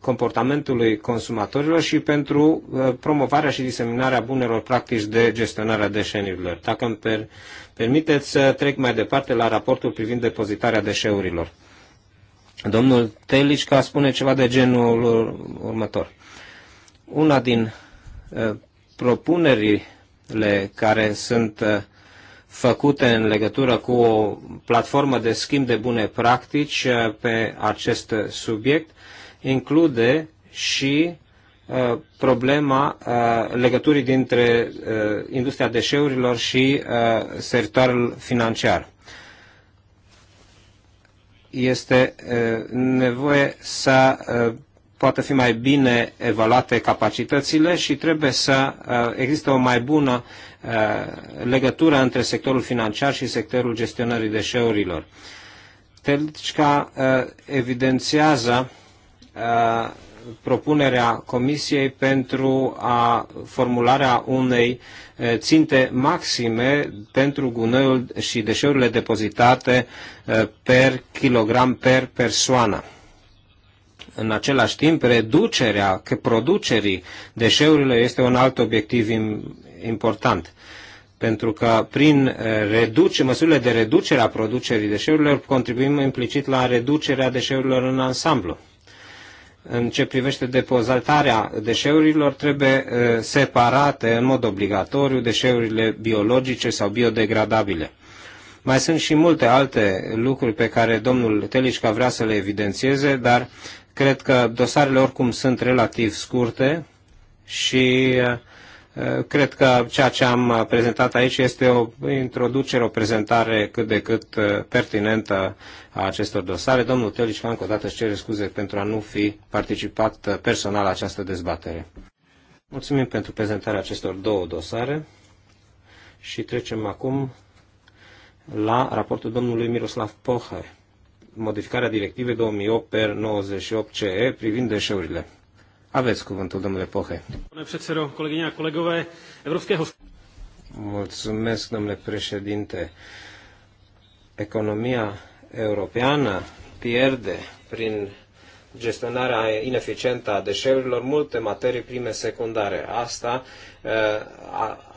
[SPEAKER 2] comportamentului consumatorilor și pentru promovarea și diseminarea bunelor practici de gestionare a deșeurilor. Dacă îmi per permiteți, să trec mai departe la raportul privind depozitarea deșeurilor. Domnul Telicca spune ceva de genul următor. Una din propunerile care sunt uh, făcute în legătură cu o platformă de schimb de bune practici uh, pe acest subiect include și uh, problema legăturii dintre industria deșeurilor și sectorul financiar. Este nevoie să Poate fi mai bine evaluate capacitățile și trebuie să uh, există o mai bună uh, legătură între sectorul financiar și sectorul gestionării deșeurilor. Telcica uh, evidențiază propunerea Comisiei pentru a formularea unei ținte maxime pentru gunoiul și deșeurile depozitate per kilogram per persoană în același timp, reducerea că producerii deșeurilor este un alt obiectiv important. Pentru că prin eh, reduce, măsurile de reducere a producerii deșeurilor contribuim implicit la reducerea deșeurilor în ansamblu. În ce privește depozitarea deșeurilor, trebuie eh, separate în mod obligatoriu deșeurile biologice sau biodegradabile. Mai sunt și multe alte lucruri pe care domnul Telișca vrea să le evidențieze, dar Cred că dosarele oricum sunt relativ scurte și uh, cred că ceea ce am prezentat aici este o introducere, o prezentare cât de cât uh, pertinentă a acestor dosare. Domnul Teolici, încă o dată își cere scuze pentru a nu fi participat uh, personal la această dezbatere. Mulțumim pentru prezentarea acestor două dosare și trecem acum la raportul domnului Miroslav Pohai modificarea directivei 2008 per 98 CE privind deșeurile. Aveți cuvântul, domnule Pohe. Mulțumesc, domnule președinte. Economia europeană pierde prin gestionarea ineficientă a deșeurilor multe materii prime secundare. Asta uh,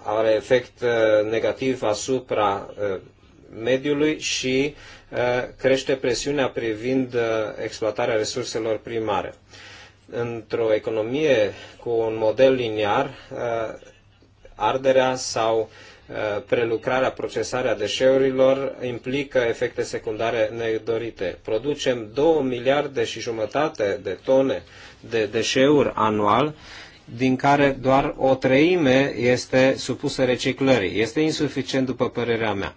[SPEAKER 2] are efect uh, negativ asupra uh, mediului și Eh, crește presiunea privind eh, exploatarea resurselor primare. Într-o economie cu un model liniar, eh, arderea sau prelucrarea, procesarea deșeurilor implică efecte secundare nedorite. Producem 2 miliarde și jumătate de tone de deșeuri anual, din care doar o treime este supusă reciclării. Este insuficient, după părerea mea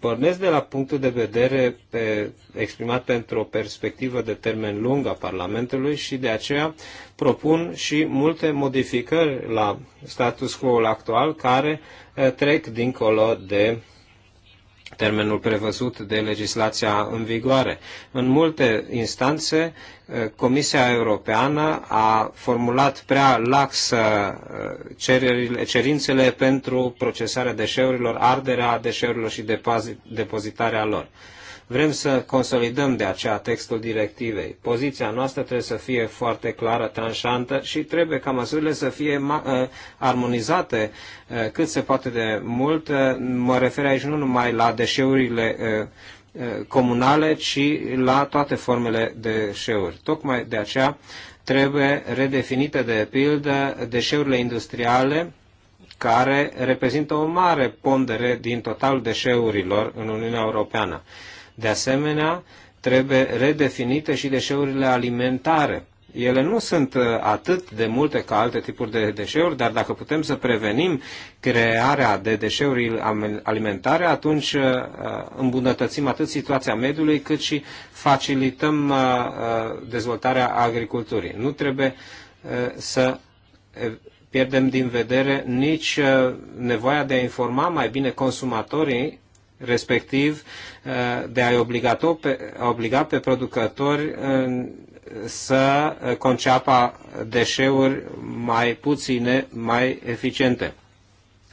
[SPEAKER 2] pornesc de la punctul de vedere pe, exprimat pentru o perspectivă de termen lung a Parlamentului și de aceea propun și multe modificări la status quo-ul actual care eh, trec dincolo de termenul prevăzut de legislația în vigoare. În multe instanțe, eh, Comisia Europeană a formulat prea lax eh, cerințele pentru procesarea deșeurilor, arderea deșeurilor și depozitarea lor. Vrem să consolidăm de aceea textul directivei. Poziția noastră trebuie să fie foarte clară, tranșantă și trebuie ca măsurile să fie uh, armonizate uh, cât se poate de mult. Uh, mă refer aici nu numai la deșeurile comunale, ci la toate formele de deșeuri. Tocmai de aceea trebuie redefinite de pildă deșeurile industriale care reprezintă o mare pondere din totalul deșeurilor în Uniunea Europeană. De asemenea, trebuie redefinite și deșeurile alimentare. Ele nu sunt uh, atât de multe ca alte tipuri de deșeuri, dar dacă putem să prevenim crearea de deșeuri alimentare, atunci uh, uh, îmbunătățim atât situația mediului cât și facilităm dezvoltarea agriculturii. Nu trebuie să pierdem din vedere nici nevoia de a informa mai bine consumatorii respectiv uh, de a-i obliga pe, obliga pe producători uh, să conceapă deșeuri mai puține, mai eficiente.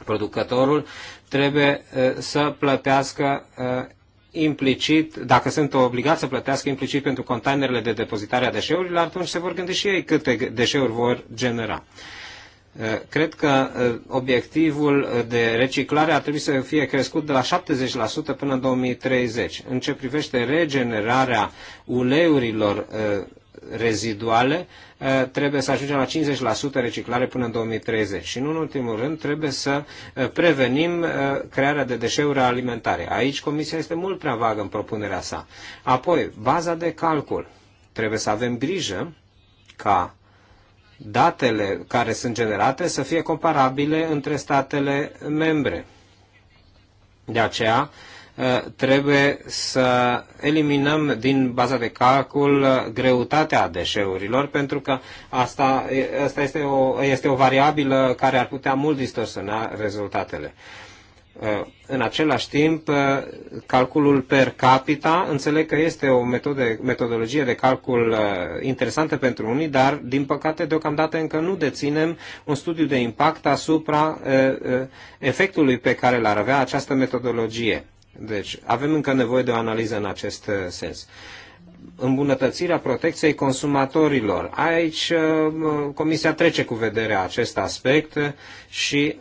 [SPEAKER 2] Producătorul trebuie uh, să plătească implicit, dacă sunt obligați să plătească implicit pentru containerele de depozitare a deșeurilor, atunci se vor gândi și ei câte deșeuri vor genera. Eh, cred că eh, obiectivul eh, de reciclare ar trebui să fie crescut de la 70% până în 2030. În ce privește regenerarea uleiurilor reziduale, trebuie să ajungem la 50% reciclare până în 2030. Și, nu în ultimul rând, trebuie să prevenim crearea de deșeuri alimentare. Aici Comisia este mult prea vagă în propunerea sa. Apoi, baza de calcul. Trebuie să avem grijă ca datele care sunt generate să fie comparabile între statele membre. De aceea, uh, trebuie să eliminăm din baza de calcul uh, greutatea deșeurilor, pentru că asta, asta este, o, este o variabilă care ar putea mult distorsiona rezultatele. Uh, în același timp, uh, calculul per capita, înțeleg că este o metode, metodologie de calcul uh, interesantă pentru unii, dar, din păcate, deocamdată încă nu deținem un studiu de impact asupra efectului pe care l-ar avea această metodologie. Deci, avem încă nevoie de o analiză în acest sens îmbunătățirea protecției consumatorilor. Aici Comisia trece cu vederea acest aspect și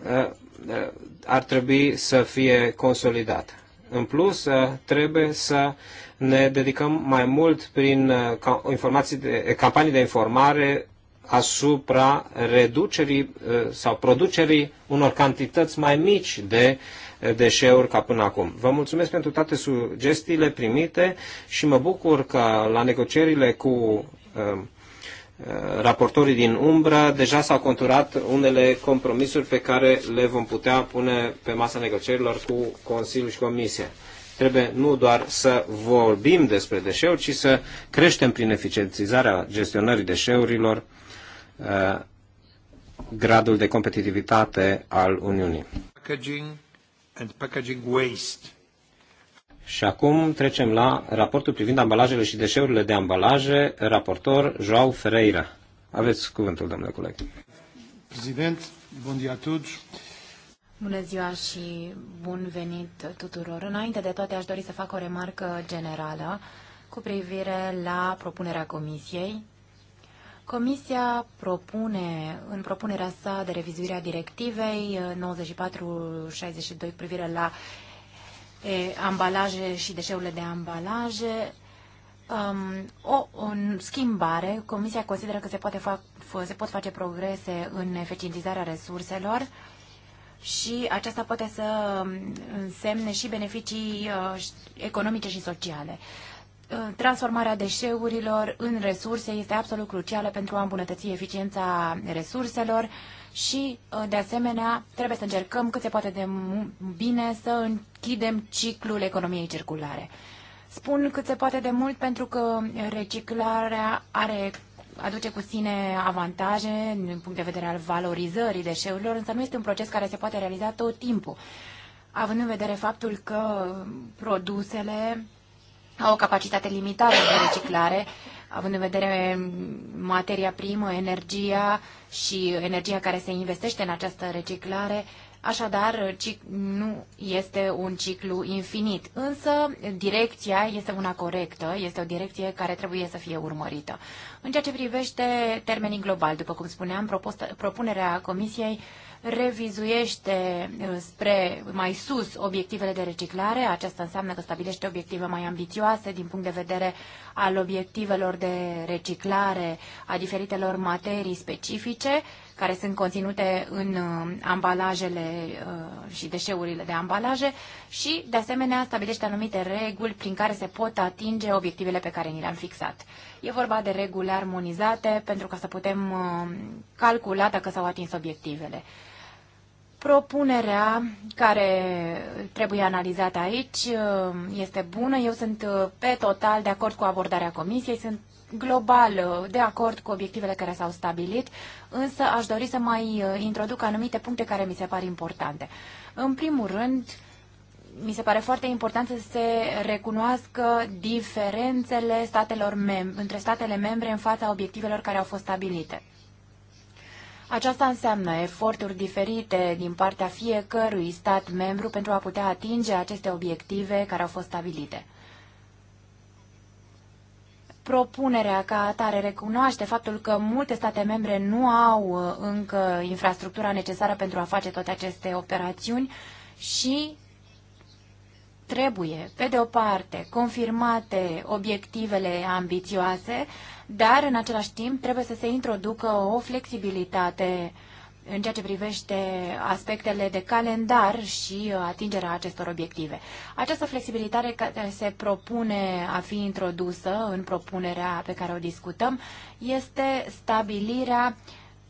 [SPEAKER 2] ar trebui să fie consolidată. În plus, uh, trebuie să ne dedicăm mai mult prin uh, informații de, eh, campanii de informare asupra reducerii uh, sau producerii unor cantități mai mici de eh, deșeuri ca până acum. Vă mulțumesc pentru toate sugestiile primite și mă bucur că la negocierile cu Eh, raportorii din umbră, deja s-au conturat unele compromisuri pe care le vom putea pune pe masa negocierilor cu Consiliul și Comisia. Trebuie nu doar să vorbim despre deșeuri, ci să creștem prin eficientizarea gestionării deșeurilor eh, gradul de competitivitate al Uniunii. Packaging and packaging waste. Și acum trecem la raportul privind ambalajele și deșeurile de ambalaje, raportor João Ferreira. Aveți cuvântul, domnule coleg. Prezident, bun dia tuturor.
[SPEAKER 1] Bună ziua și bun venit tuturor. Înainte de toate, aș dori să fac o remarcă generală cu privire la propunerea Comisiei. Comisia propune, în propunerea sa de revizuire a directivei 94-62 eh, cu privire la ambalaje și deșeurile de ambalaje, um, o, o schimbare. Comisia consideră că se, poate fac, se pot face progrese în eficientizarea resurselor și aceasta poate să însemne și beneficii uh, economice și sociale. Uh, transformarea deșeurilor în resurse este absolut crucială pentru a îmbunătăți eficiența resurselor și, uh, de asemenea, trebuie să încercăm cât se poate de bine să închidem ciclul economiei circulare. Spun cât se poate de mult pentru că reciclarea are aduce cu sine avantaje din punct de vedere al valorizării deșeurilor, însă nu este un proces care se poate realiza tot timpul, având în vedere faptul că produsele au o capacitate limitată de reciclare având în vedere materia primă, energia și energia care se investește în această reciclare, Așadar, nu este un ciclu infinit, însă direcția este una corectă, este o direcție care trebuie să fie urmărită. În ceea ce privește termenii global, după cum spuneam, propunerea Comisiei uh, revizuiește uh, spre mai sus obiectivele de reciclare. Aceasta înseamnă că stabilește obiective mai ambițioase din punct de vedere al obiectivelor de reciclare a diferitelor materii specifice care sunt conținute în uh, ambalajele uh, și deșeurile de ambalaje și, de asemenea, stabilește anumite reguli prin care se pot atinge obiectivele pe care ni le-am fixat. E vorba de reguli armonizate pentru ca să putem calcula dacă s-au atins obiectivele. Propunerea care trebuie analizată aici uh, este bună. Eu sunt uh, pe total de acord cu abordarea comisiei, sunt global uh, de acord cu obiectivele care s-au stabilit, însă aș dori să mai introduc anumite puncte care mi se par importante. În primul rând, mi se pare foarte important să se recunoască diferențele statelor mem- între statele membre în fața obiectivelor care au fost stabilite. Aceasta înseamnă eforturi diferite din partea fiecărui stat membru pentru a putea atinge aceste obiective care au fost stabilite. Propunerea ca atare recunoaște faptul că multe state membre nu au uh, încă infrastructura necesară pentru a face toate aceste operațiuni și trebuie, pe de o parte, confirmate obiectivele ambițioase, dar în același timp trebuie să se introducă o flexibilitate în ceea ce privește aspectele de calendar și uh, atingerea acestor obiective. Această flexibilitate care se propune a fi introdusă în propunerea pe care o discutăm este stabilirea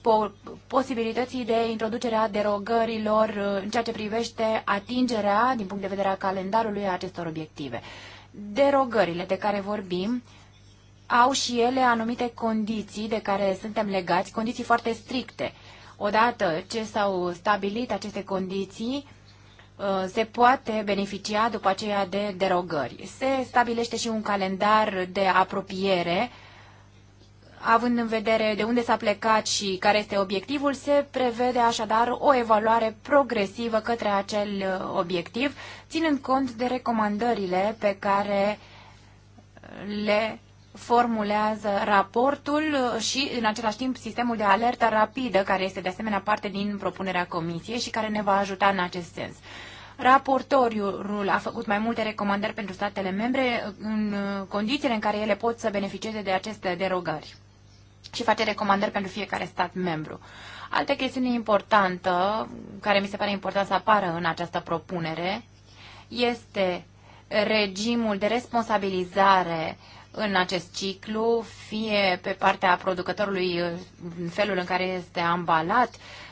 [SPEAKER 1] po posibilității de introducere a derogărilor uh, în ceea ce privește atingerea, din punct de vedere a calendarului, a acestor obiective. Derogările de care vorbim uh, au și ele anumite condiții de care suntem legați, condiții foarte stricte. Odată ce s-au stabilit aceste condiții, uh, se poate beneficia după aceea de derogări. Se stabilește și un calendar de apropiere, având în vedere de unde s-a plecat și care este obiectivul, se prevede așadar o evaluare progresivă către acel uh, obiectiv, ținând cont de recomandările pe care le formulează raportul uh, și, în același timp, sistemul de alertă rapidă, care este, de asemenea, parte din propunerea comisiei și care ne va ajuta în acest sens. Raportorul a făcut mai multe recomandări pentru statele membre uh, în uh, condițiile în care ele pot să beneficieze de aceste derogări și face recomandări pentru fiecare stat membru. Altă chestiune importantă, care mi se pare important să apară în această propunere, este regimul de responsabilizare în acest ciclu, fie pe partea producătorului în felul în care este ambalat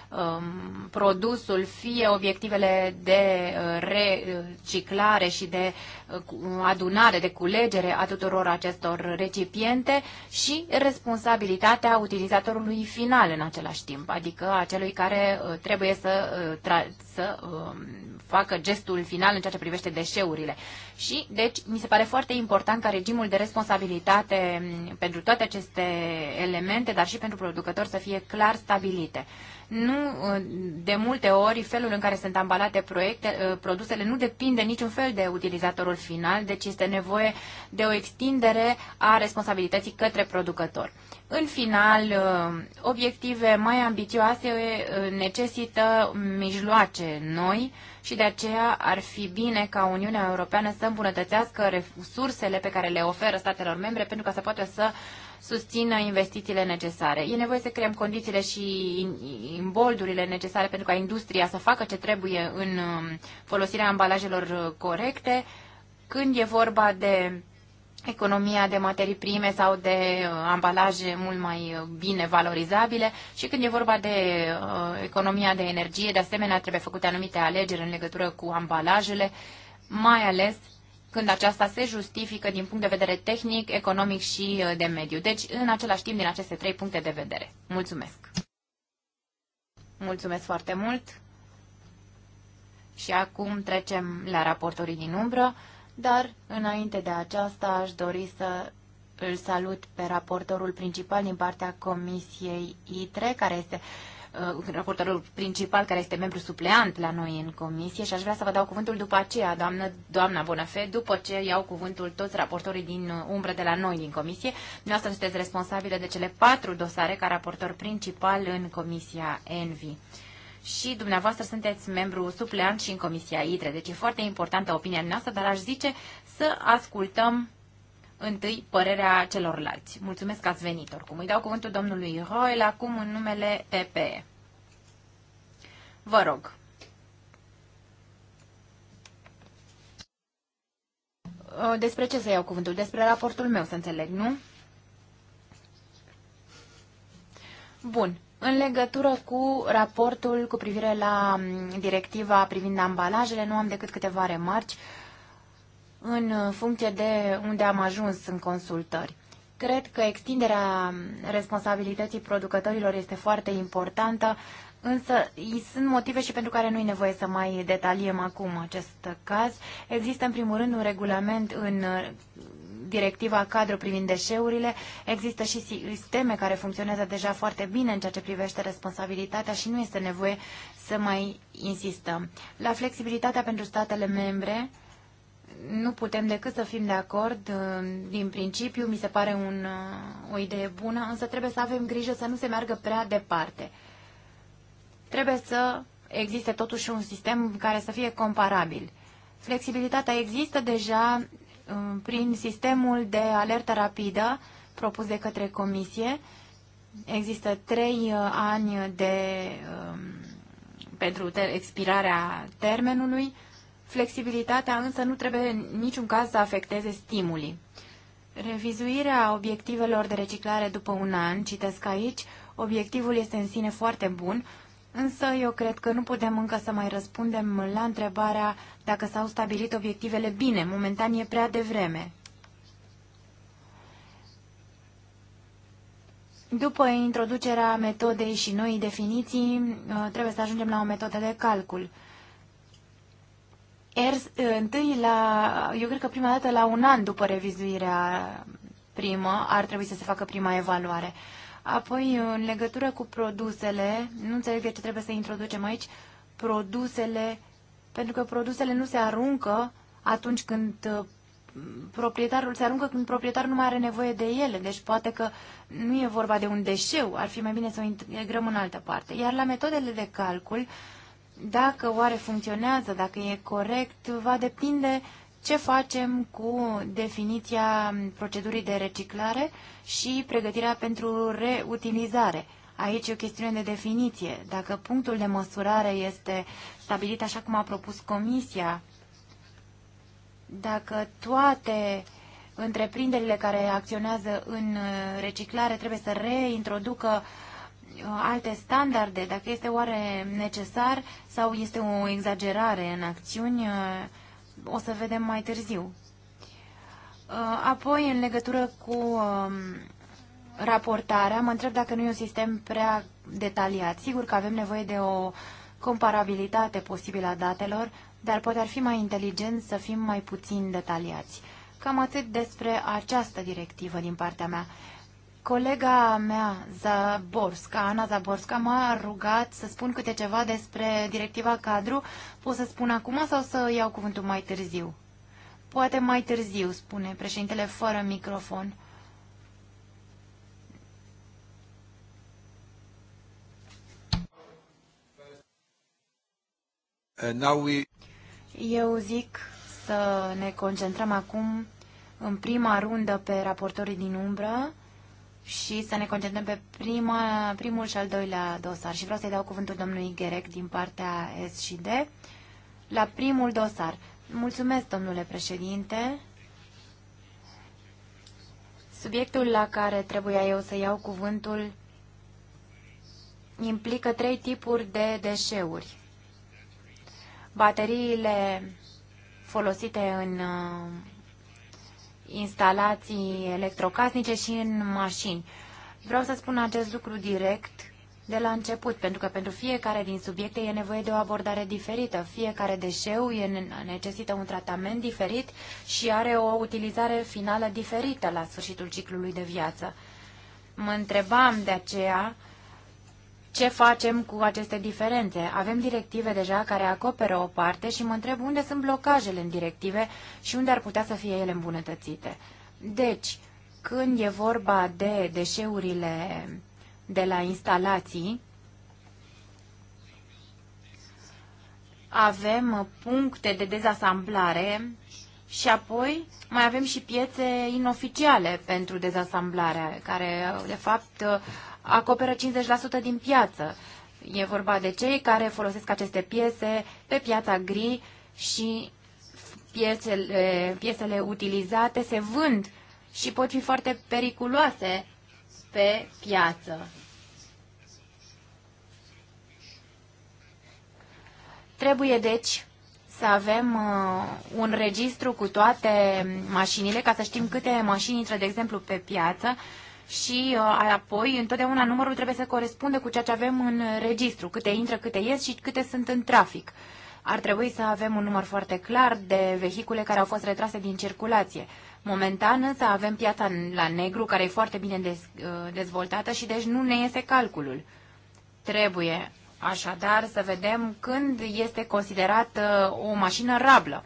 [SPEAKER 1] um, produsul, fie obiectivele de uh, reciclare și de uh, adunare, de culegere a tuturor acestor recipiente și responsabilitatea utilizatorului final în același timp, adică acelui care uh, trebuie să, să um, facă gestul final în ceea ce privește deșeurile. Și, deci, mi se pare foarte important ca regimul de responsabilitate mm, pentru toate aceste elemente, dar și pentru producători, să fie clar stabilite. Nu, uh, de multe ori, felul în care sunt ambalate proiecte, uh, produsele nu depinde niciun fel de utilizatorul final, deci este nevoie de o extindere a responsabilității către producător. În final, uh, obiective mai ambițioase uh, necesită mijloace noi și de aceea ar fi bine ca Uniunea Europeană să îmbunătățească resursele pe care le oferă statelor membre pentru ca să poată să susțină investițiile necesare. E nevoie să creăm condițiile și imboldurile necesare pentru ca industria să facă ce trebuie în uh, folosirea ambalajelor corecte. Când e vorba de economia de materii prime sau de uh, ambalaje mult mai uh, bine valorizabile și când e vorba de uh, economia de energie, de asemenea trebuie făcute anumite alegeri în legătură cu ambalajele, mai ales când aceasta se justifică din punct de vedere tehnic, economic și de mediu. Deci, în același timp, din aceste trei puncte de vedere. Mulțumesc! Mulțumesc foarte mult! Și acum trecem la raportorii din umbră. Dar, înainte de aceasta, aș dori să îl salut pe raportorul principal din partea Comisiei ITRE, care este uh, raportorul principal, care este membru supleant la noi în comisie și aș vrea să vă dau cuvântul după aceea, doamnă, doamna Bonafe, după ce iau cuvântul toți raportorii din uh, umbră de la noi din comisie. Noastră sunteți responsabile de cele patru dosare ca raportor principal în comisia ENVI și dumneavoastră sunteți membru supleant și în Comisia ITRE. Deci e foarte importantă opinia noastră, dar aș zice să ascultăm întâi părerea celorlalți. Mulțumesc că ați venit oricum. Îi dau cuvântul domnului Roel acum în numele PPE. Vă rog. Uh, despre ce să iau cuvântul? Despre raportul meu, să înțeleg, nu? Bun. În legătură cu raportul cu privire la mm, directiva privind ambalajele, nu am decât câteva remarci în funcție de unde am ajuns în consultări. Cred că extinderea mm, responsabilității producătorilor este foarte importantă, însă sunt motive și pentru care nu e nevoie să mai detaliem acum acest caz. Există, în primul rând, un regulament în directiva cadru privind deșeurile. Există și sisteme care funcționează deja foarte bine în ceea ce privește responsabilitatea și nu este nevoie să mai insistăm. La flexibilitatea pentru statele membre, nu putem decât să fim de acord uh, din principiu, mi se pare un, uh, o idee bună, însă trebuie să avem grijă să nu se meargă prea departe. Trebuie să existe totuși un sistem care să fie comparabil. Flexibilitatea există deja Uh, prin sistemul de alertă rapidă propus de către comisie. Există trei uh, ani de, um, pentru expirarea termenului. Flexibilitatea însă nu trebuie în niciun caz să afecteze stimulii. Revizuirea obiectivelor de reciclare după un an, citesc aici, obiectivul este în sine foarte bun, Însă eu cred că nu putem încă să mai răspundem la întrebarea dacă s-au stabilit obiectivele bine. Momentan e prea devreme. După introducerea metodei și noii definiții, uh, trebuie să ajungem la o metodă de calcul. Er, întâi la, eu cred că prima dată la un an după revizuirea primă, ar trebui să se facă prima evaluare. Apoi, în legătură cu produsele, nu înțeleg de ce trebuie să introducem aici produsele, pentru că produsele nu se aruncă atunci când uh, proprietarul se aruncă când proprietarul nu mai are nevoie de ele, deci poate că nu e vorba de un deșeu, ar fi mai bine să o integrăm în altă parte. Iar la metodele de calcul, dacă oare funcționează, dacă e corect, va depinde ce facem cu definiția procedurii de reciclare și pregătirea pentru reutilizare. Aici e o chestiune de definiție. Dacă punctul de măsurare este stabilit așa cum a propus Comisia, dacă toate întreprinderile care acționează în reciclare trebuie să reintroducă uh, alte standarde, dacă este oare necesar sau este o exagerare în acțiuni, uh, o să vedem mai târziu. Uh, apoi, în legătură cu um, raportarea, mă întreb dacă nu e un sistem prea detaliat. Sigur că avem nevoie de o comparabilitate posibilă a datelor, dar poate ar fi mai inteligent să fim mai puțin detaliați. Cam atât despre această directivă din partea mea. Colega mea, Zaborska, Ana Zaborska, m-a rugat să spun câte ceva despre directiva cadru. Pot să spun acum sau să iau cuvântul mai târziu? Poate mai târziu, spune președintele fără microfon. Uh, Eu zic să ne concentrăm acum în prima rundă pe raportorii din umbră și să ne concentrăm pe prima, primul și al doilea dosar. Și vreau să-i dau cuvântul domnului Gherec din partea S și D la primul dosar. Mulțumesc, domnule președinte. Subiectul la care trebuia eu să iau cuvântul implică trei tipuri de deșeuri. Bateriile folosite în uh, instalații electrocasnice și în mașini. Vreau să spun acest lucru direct de la început, pentru că pentru fiecare din subiecte e nevoie de o abordare diferită. Fiecare deșeu e, necesită un tratament diferit și are o utilizare finală diferită la sfârșitul ciclului de viață. Mă întrebam de aceea ce facem cu aceste diferențe? Avem directive deja care acoperă o parte și mă întreb unde sunt blocajele în directive și unde ar putea să fie ele îmbunătățite. Deci, când e vorba de deșeurile de la instalații, avem puncte de dezasamblare și apoi mai avem și piețe inoficiale pentru dezasamblare, care de fapt acoperă 50% din piață. E vorba de cei care folosesc aceste piese pe piața gri și piesele, piesele utilizate se vând și pot fi foarte periculoase pe piață. Trebuie, deci, să avem uh, un registru cu toate mașinile, ca să știm câte mașini intră, de exemplu, pe piață și uh, apoi întotdeauna numărul trebuie să corespundă cu ceea ce avem în registru, câte intră, câte ies și câte sunt în trafic. Ar trebui să avem un număr foarte clar de vehicule care au fost retrase din circulație. Momentan însă avem piața la negru, care e foarte bine uh, dezvoltată și deci nu ne iese calculul. Trebuie așadar să vedem când este considerată uh, o mașină rablă.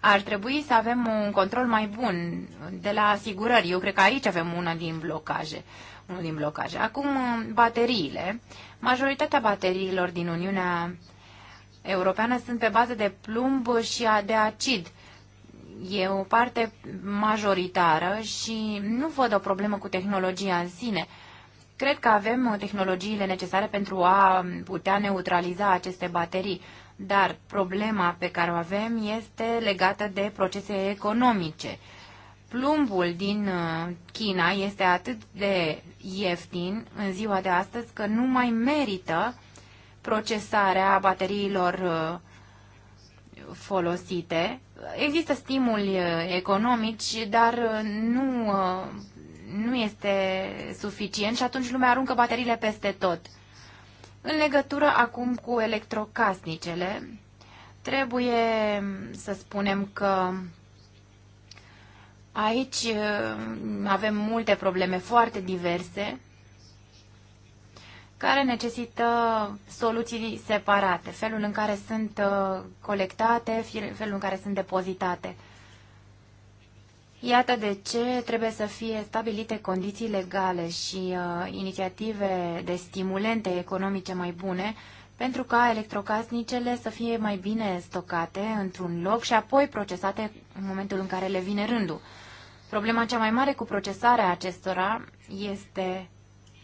[SPEAKER 1] Ar trebui să avem un control mai bun de la asigurări. Eu cred că aici avem una din blocaje. Unul din blocaje. Acum, bateriile. Majoritatea bateriilor din Uniunea Europeană sunt pe bază de plumb și de acid e o parte majoritară și nu văd o problemă cu tehnologia în sine. Cred că avem tehnologiile necesare pentru a putea neutraliza aceste baterii. Dar problema pe care o avem este legată de procese economice. Plumbul din uh, China este atât de ieftin în ziua de astăzi că nu mai merită procesarea bateriilor uh, folosite. Există stimuli uh, economici, dar nu, nu este suficient și atunci lumea aruncă bateriile peste tot. În legătură acum cu electrocasnicele, trebuie să spunem că aici uh, avem multe probleme foarte diverse care necesită soluții separate, felul în care sunt uh, colectate, felul în care sunt depozitate. Iată de ce trebuie să fie stabilite condiții legale și uh, inițiative de stimulente economice mai bune pentru ca electrocasnicele să fie mai bine stocate într-un loc și apoi procesate în momentul în care le vine rândul. Problema cea mai mare cu procesarea acestora este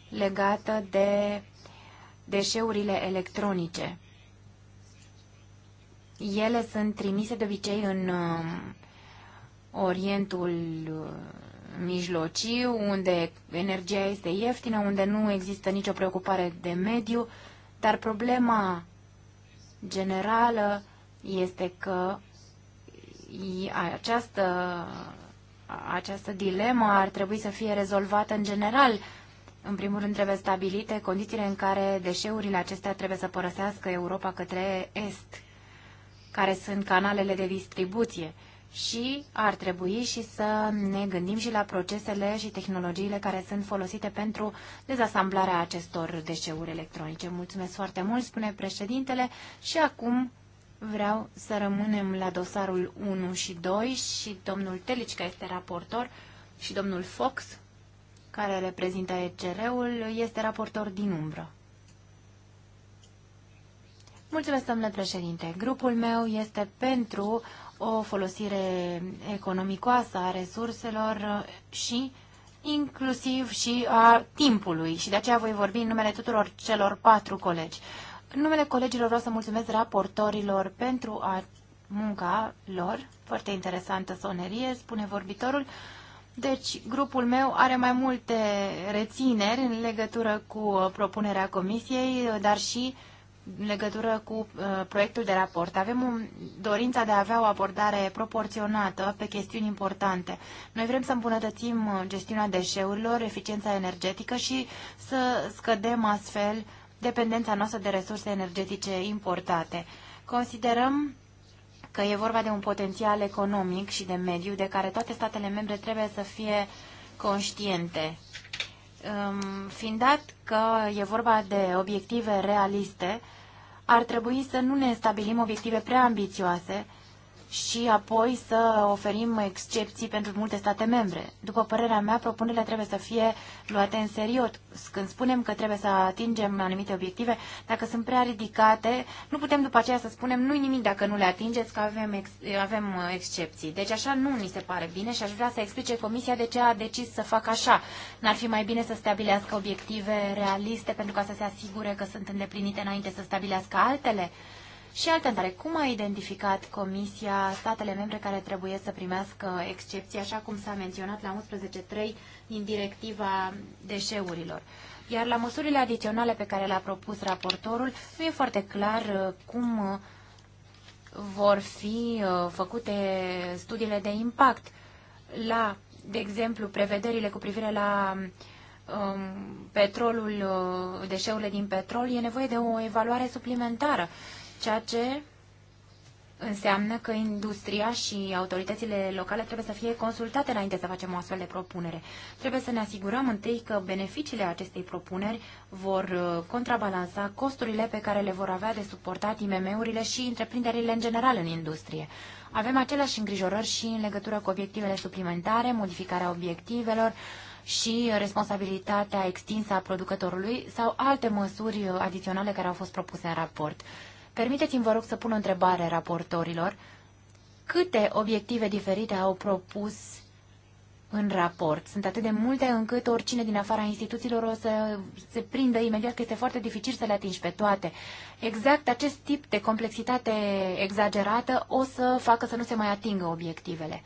[SPEAKER 1] legată de deșeurile electronice. Ele sunt trimise de obicei în uh, Orientul uh, Mijlociu, unde energia este ieftină, unde nu există nicio preocupare de mediu, dar problema generală este că această, această dilemă ar trebui să fie rezolvată în general. În primul rând trebuie stabilite condițiile în care deșeurile acestea trebuie să părăsească Europa către Est, care sunt canalele de distribuție și ar trebui și să ne gândim și la procesele și tehnologiile care sunt folosite pentru dezasamblarea acestor deșeuri electronice. Mulțumesc foarte mult, spune președintele, și acum vreau să rămânem la dosarul 1 și 2 și domnul care este raportor și domnul Fox, care reprezintă ECR-ul, este raportor din umbră. Mulțumesc, domnule președinte. Grupul meu este pentru o folosire economicoasă a resurselor și inclusiv și a timpului. Și de aceea voi vorbi în numele tuturor celor patru colegi. În numele colegilor vreau să mulțumesc raportorilor pentru a munca lor. Foarte interesantă sonerie, spune vorbitorul. Deci, grupul meu are mai multe rețineri în legătură cu propunerea comisiei, dar și uh, în legătură cu uh, proiectul de raport. Avem un, dorința de a avea o abordare proporționată pe chestiuni importante. Noi vrem să îmbunătățim uh, gestiunea deșeurilor, eficiența energetică și să scădem astfel dependența noastră de resurse energetice importate. Considerăm că e vorba de un potențial economic și de mediu de care toate statele membre trebuie să fie conștiente. Um, fiind dat că e vorba de obiective realiste, ar trebui să nu ne stabilim obiective prea ambițioase, și apoi să oferim excepții pentru multe state membre. După părerea mea, propunerile trebuie să fie luate în serios. Când spunem că trebuie să atingem anumite obiective, dacă sunt prea ridicate, nu putem după aceea să spunem nu-i nimic dacă nu le atingeți, că avem, ex avem uh, excepții. Deci așa nu ni se pare bine și aș vrea să explice Comisia de ce a decis să facă așa. N-ar fi mai bine să stabilească obiective realiste pentru ca să se asigure că sunt îndeplinite înainte să stabilească altele? Și altă întrebare, cum a identificat Comisia statele membre care trebuie să primească excepții, așa cum s-a menționat la 11.3 din directiva deșeurilor? Iar la măsurile adiționale pe care le-a propus raportorul, nu e foarte clar uh, cum uh, vor fi uh, făcute studiile de impact la, de exemplu, prevederile cu privire la um, petrolul, deșeurile din petrol, e nevoie de o evaluare suplimentară ceea ce înseamnă că industria și autoritățile locale trebuie să fie consultate înainte să facem o astfel de propunere. Trebuie să ne asigurăm întâi că beneficiile acestei propuneri vor uh, contrabalansa costurile pe care le vor avea de suportat IMM-urile și întreprinderile în general în industrie. Avem aceleași îngrijorări și în legătură cu obiectivele suplimentare, modificarea obiectivelor, și responsabilitatea extinsă a producătorului sau alte măsuri uh, adiționale care au fost propuse în raport. Permiteți-mi, vă rog, să pun o întrebare raportorilor. Câte obiective diferite au propus în raport? Sunt atât de multe încât oricine din afara instituțiilor o să se prindă imediat că este foarte dificil să le atingi pe toate. Exact acest tip de complexitate exagerată o să facă să nu se mai atingă obiectivele.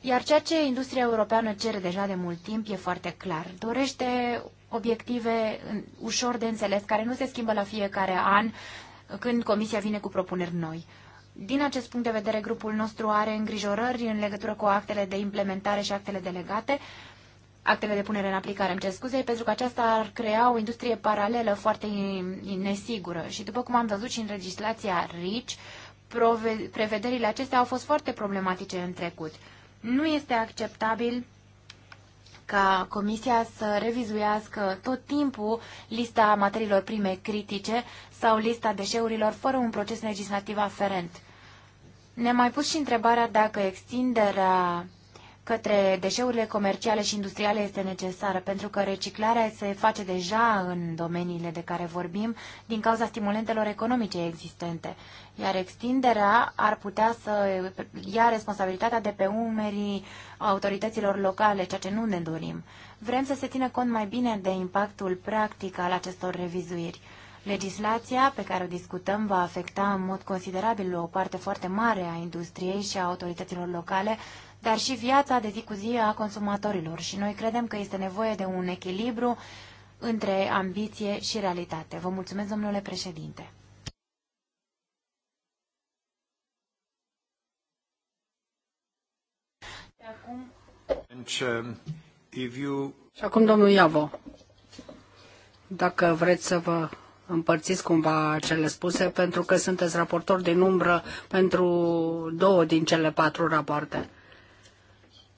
[SPEAKER 1] Iar ceea ce industria europeană cere deja de mult timp e foarte clar. Dorește obiective ușor de înțeles, care nu se schimbă la fiecare an, când Comisia vine cu propuneri noi. Din acest punct de vedere, grupul nostru are îngrijorări în legătură cu actele de implementare și actele delegate, actele de punere în aplicare, îmi cer scuze, pentru că aceasta ar crea o industrie paralelă foarte nesigură. Și după cum am văzut și în legislația RICI, prevederile acestea au fost foarte problematice în trecut. Nu este acceptabil ca Comisia să revizuiască tot timpul lista materiilor prime critice sau lista deșeurilor fără un proces legislativ aferent. Ne-am mai pus și întrebarea dacă extinderea către deșeurile comerciale și industriale este necesară, pentru că reciclarea se face deja în domeniile de care vorbim din cauza stimulentelor economice existente, iar extinderea ar putea să ia responsabilitatea de pe umerii autorităților locale, ceea ce nu ne dorim. Vrem să se țină cont mai bine de impactul practic al acestor revizuiri. Legislația pe care o discutăm va afecta în mod considerabil o parte foarte mare a industriei și a autorităților locale dar și viața de zi cu zi a consumatorilor și noi credem că este nevoie de un echilibru între ambiție și realitate. Vă mulțumesc, domnule președinte.
[SPEAKER 2] Și acum,
[SPEAKER 3] um, domnul Iavo, dacă vreți să vă împărțiți cumva cele spuse, pentru că sunteți raportor din umbră pentru două din cele patru rapoarte.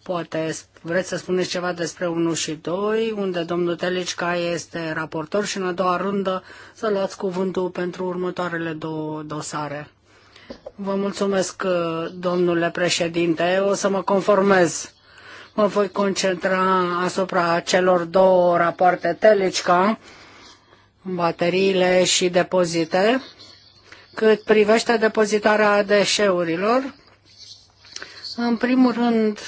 [SPEAKER 3] Poate vreți să spuneți ceva despre 1 și 2, unde domnul Telicca este raportor și în a doua rundă să luați cuvântul pentru următoarele două dosare. Vă mulțumesc, domnule președinte. O să mă conformez. Mă voi concentra asupra celor două rapoarte Telicca, bateriile și depozite. Cât privește depozitarea deșeurilor, în primul rând,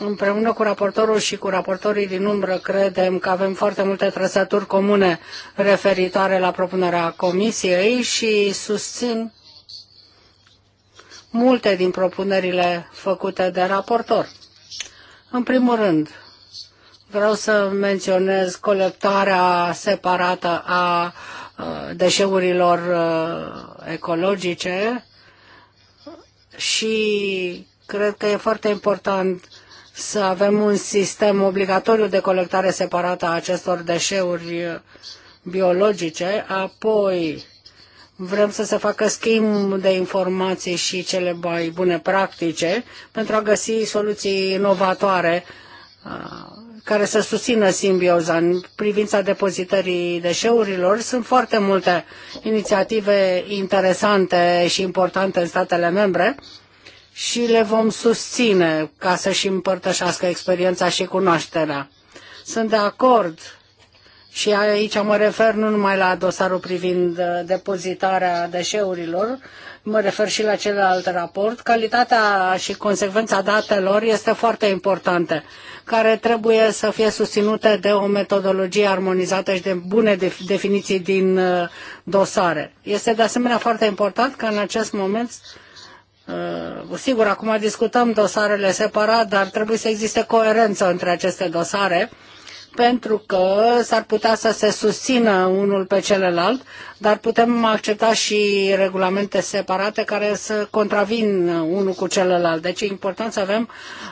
[SPEAKER 3] Împreună cu raportorul și cu raportorii din umbră credem că avem foarte multe trăsături comune referitoare la propunerea Comisiei și susțin multe din propunerile făcute de raportor. În primul rând, vreau să menționez colectarea separată a deșeurilor ecologice și cred că e foarte important să avem un sistem obligatoriu de colectare separată a acestor deșeuri biologice, apoi vrem să se facă schimb de informații și cele mai bune practice pentru a găsi soluții inovatoare care să susțină simbioza. În privința depozitării deșeurilor sunt foarte multe inițiative interesante și importante în statele membre și le vom susține ca să-și împărtășească experiența și cunoașterea. Sunt de acord și aici mă refer nu numai la dosarul privind uh, depozitarea deșeurilor, mă refer și la celălalt raport. Calitatea și consecvența datelor este foarte importantă, care trebuie să fie susținute de o metodologie armonizată și de bune definiții din uh, dosare. Este de asemenea foarte important că în acest moment Uh, sigur, acum discutăm dosarele separat, dar trebuie să existe coerență între aceste dosare pentru că s-ar putea să se susțină unul pe celălalt, dar putem accepta și regulamente separate care să contravin unul cu celălalt. Deci e important să avem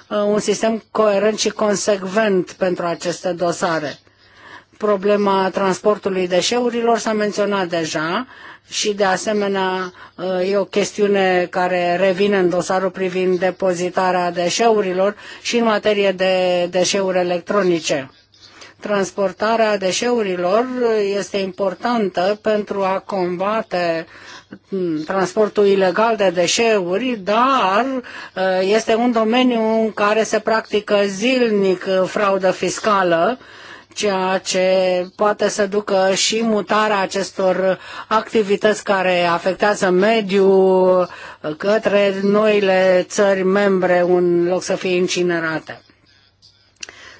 [SPEAKER 3] uh, un sistem coerent și consecvent pentru aceste dosare. Problema transportului deșeurilor s-a menționat deja și de asemenea e o chestiune care revine în dosarul privind depozitarea deșeurilor și în materie de deșeuri electronice. Transportarea deșeurilor este importantă pentru a combate transportul ilegal de deșeuri, dar este un domeniu în care se practică zilnic uh, fraudă fiscală ceea ce poate să ducă și mutarea acestor activități care afectează mediul către noile țări membre în loc să fie incinerate.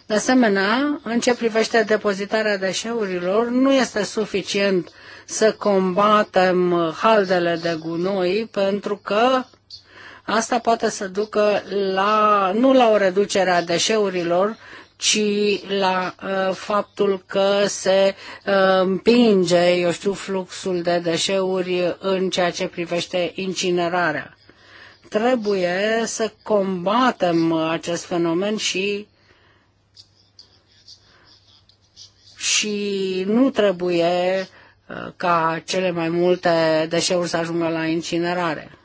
[SPEAKER 3] De asemenea, în ce privește depozitarea deșeurilor, nu este suficient să combatem haldele de gunoi pentru că asta poate să ducă la, nu la o reducere a deșeurilor, ci la uh, faptul că se uh, împinge, eu știu, fluxul de deșeuri în ceea ce privește incinerarea. Trebuie să combatem acest fenomen și și nu trebuie uh, ca cele mai multe deșeuri să ajungă la incinerare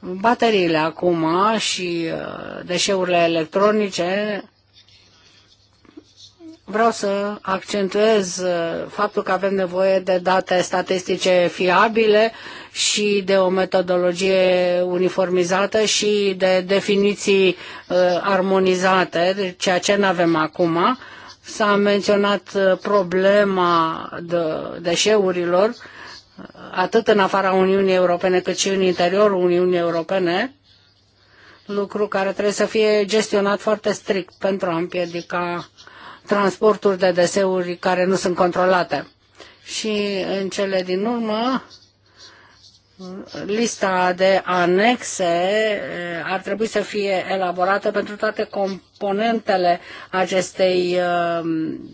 [SPEAKER 3] bateriile acum și uh, deșeurile electronice, vreau să accentuez uh, faptul că avem nevoie de date statistice fiabile și de o metodologie uniformizată și de definiții uh, armonizate, ceea ce nu avem acum. S-a menționat problema de deșeurilor atât în afara Uniunii Europene cât și în interiorul Uniunii Europene, lucru care trebuie să fie gestionat foarte strict pentru a împiedica transporturi de deseuri care nu sunt controlate. Și în cele din urmă, lista de anexe eh, ar trebui să fie elaborată pentru toate componentele acestei eh,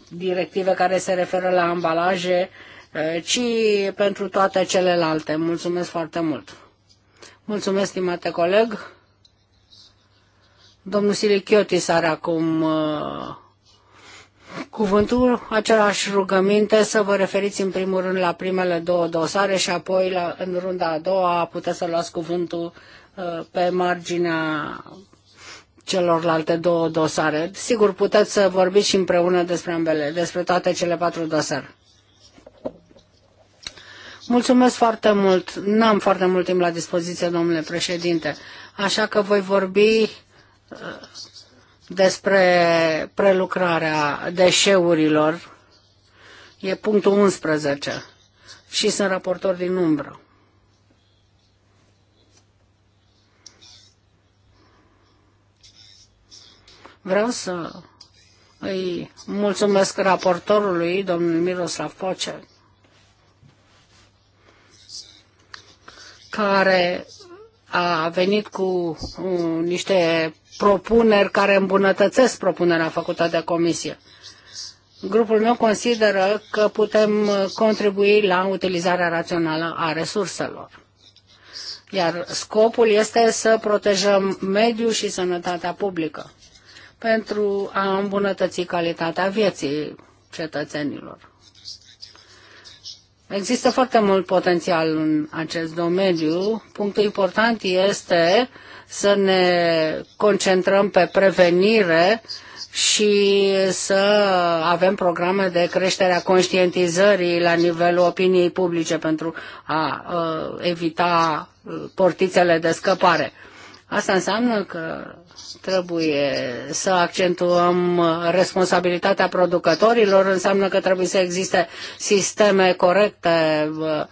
[SPEAKER 3] directive care se referă la ambalaje, Eh, ci pentru toate celelalte. Mulțumesc foarte mult! Mulțumesc, stimate coleg! Domnul Silichiotis are acum eh, cuvântul, același rugăminte să vă referiți în primul rând la primele două dosare și apoi la, în runda a doua puteți să luați cuvântul eh, pe marginea celorlalte două dosare. Sigur, puteți să vorbiți și împreună despre ambele, despre toate cele patru dosare. Mulțumesc foarte mult. N-am foarte mult timp la dispoziție, domnule președinte, așa că voi vorbi uh, despre prelucrarea deșeurilor. E punctul 11 și sunt raportor din umbră. Vreau să îi mulțumesc raportorului, domnul Miroslav Pocel, care a venit cu niște propuneri care îmbunătățesc propunerea făcută de comisie. Grupul meu consideră că putem contribui la utilizarea rațională a resurselor. Iar scopul este să protejăm mediul și sănătatea publică pentru a îmbunătăți calitatea vieții cetățenilor. Există foarte mult potențial în acest domeniu. Punctul important este să ne concentrăm pe prevenire și să avem programe de creștere a conștientizării la nivelul opiniei publice pentru a uh, evita uh, portițele de scăpare. Asta înseamnă că trebuie să accentuăm responsabilitatea producătorilor, înseamnă că trebuie să existe sisteme corecte uh,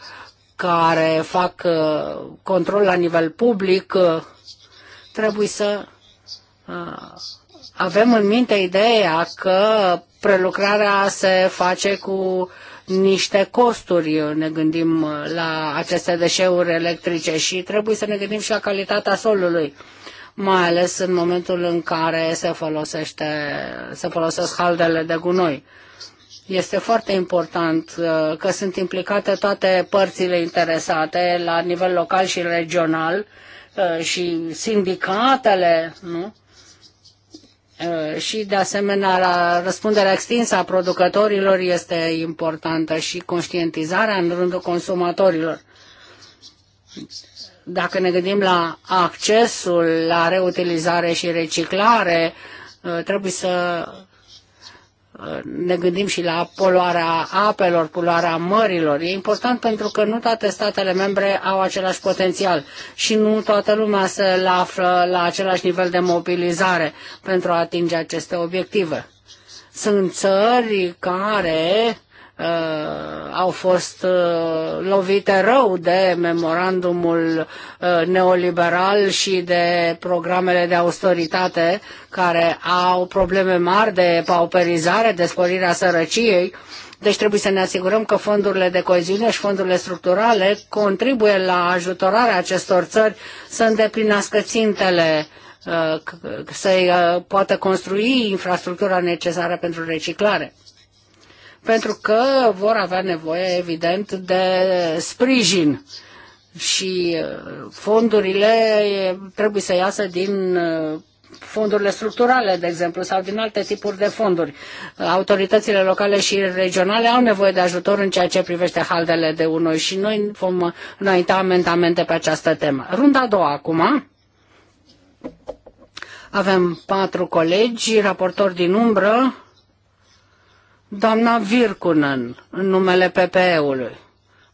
[SPEAKER 3] care fac uh, control la nivel public. Uh, trebuie să avem în minte ideea că prelucrarea se face cu niște costuri, ne gândim la aceste deșeuri electrice și trebuie să ne gândim și la calitatea solului mai ales în momentul în care se, folosește, se folosesc haldele de gunoi. Este foarte important uh, că sunt implicate toate părțile interesate la nivel local și regional uh, și sindicatele, nu? Uh, și de asemenea la răspunderea extinsă a producătorilor este importantă și conștientizarea în rândul consumatorilor dacă ne gândim la accesul la reutilizare și reciclare, uh, trebuie să uh, ne gândim și la poluarea apelor, poluarea mărilor. E important pentru că nu toate statele membre au același potențial și nu toată lumea se află la același nivel de mobilizare pentru a atinge aceste obiective. Sunt țări care Uh, au fost uh, lovite rău de memorandumul uh, neoliberal și de programele de austeritate care au probleme mari de pauperizare, de sporirea sărăciei. Deci trebuie să ne asigurăm că fondurile de coeziune și fondurile structurale contribuie la ajutorarea acestor țări să îndeplinească țintele să poată construi infrastructura necesară pentru reciclare pentru că vor avea nevoie, evident, de sprijin și uh, fondurile trebuie să iasă din uh, fondurile structurale, de exemplu, sau din alte tipuri de fonduri. Autoritățile locale și regionale au nevoie de ajutor în ceea ce privește haldele de unoi și noi vom înainta amendamente pe această temă. Runda a doua acum. Avem patru colegi, raportori din umbră. Doamna Virkunen, în numele PPE-ului.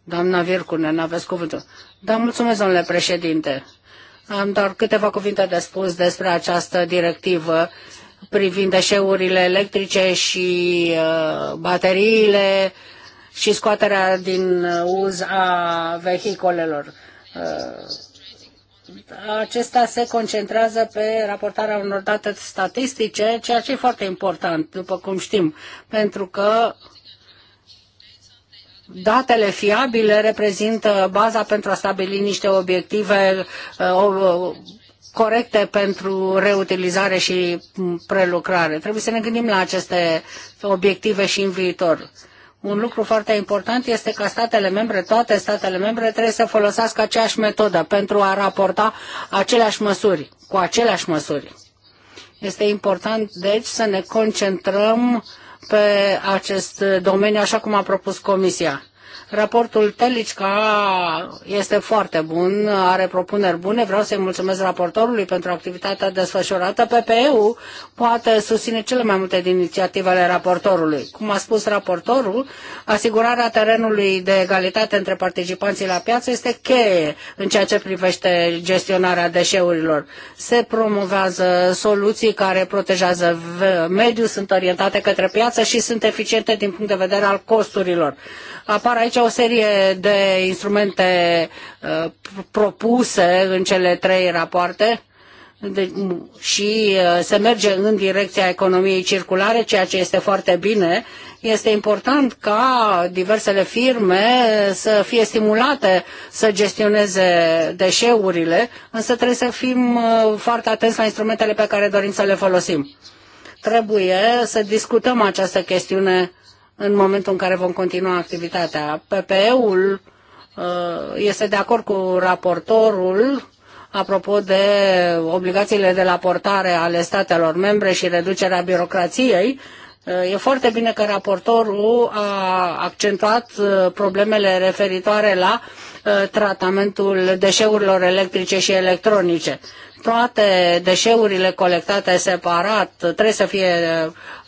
[SPEAKER 3] Doamna Virkunen, aveți cuvântul. Da, mulțumesc, domnule președinte. Am doar câteva cuvinte de spus despre această directivă privind deșeurile electrice și uh, bateriile și scoaterea din uh, uz a vehicolelor. Uh, acesta se concentrează pe raportarea unor date statistice, ceea ce e foarte important, după cum știm, pentru că datele fiabile reprezintă baza pentru a stabili niște obiective uh, corecte pentru reutilizare și prelucrare. Trebuie să ne gândim la aceste obiective și în viitor un lucru foarte important este că statele membre, toate statele membre, trebuie să folosească aceeași metodă pentru a raporta aceleași măsuri, cu aceleași măsuri. Este important, deci, să ne concentrăm pe acest domeniu, așa cum a propus Comisia. Raportul Telicca este foarte bun, are propuneri bune. Vreau să-i mulțumesc raportorului pentru activitatea desfășurată. PPE-ul poate susține cele mai multe din inițiativele raportorului. Cum a spus raportorul, asigurarea terenului de egalitate între participanții la piață este cheie în ceea ce privește gestionarea deșeurilor. Se promovează soluții care protejează mediul, sunt orientate către piață și sunt eficiente din punct de vedere al costurilor. Apar aici face o serie de instrumente uh, propuse în cele trei rapoarte de, și uh, se merge în direcția economiei circulare, ceea ce este foarte bine. Este important ca diversele firme să fie stimulate să gestioneze deșeurile, însă trebuie să fim uh, foarte atenți la instrumentele pe care dorim să le folosim. Trebuie să discutăm această chestiune în momentul în care vom continua activitatea. PPE-ul uh, este de acord cu raportorul apropo de obligațiile de raportare ale statelor membre și reducerea birocrației. Uh, e foarte bine că raportorul a accentuat uh, problemele referitoare la tratamentul deșeurilor electrice și electronice toate deșeurile colectate separat trebuie să fie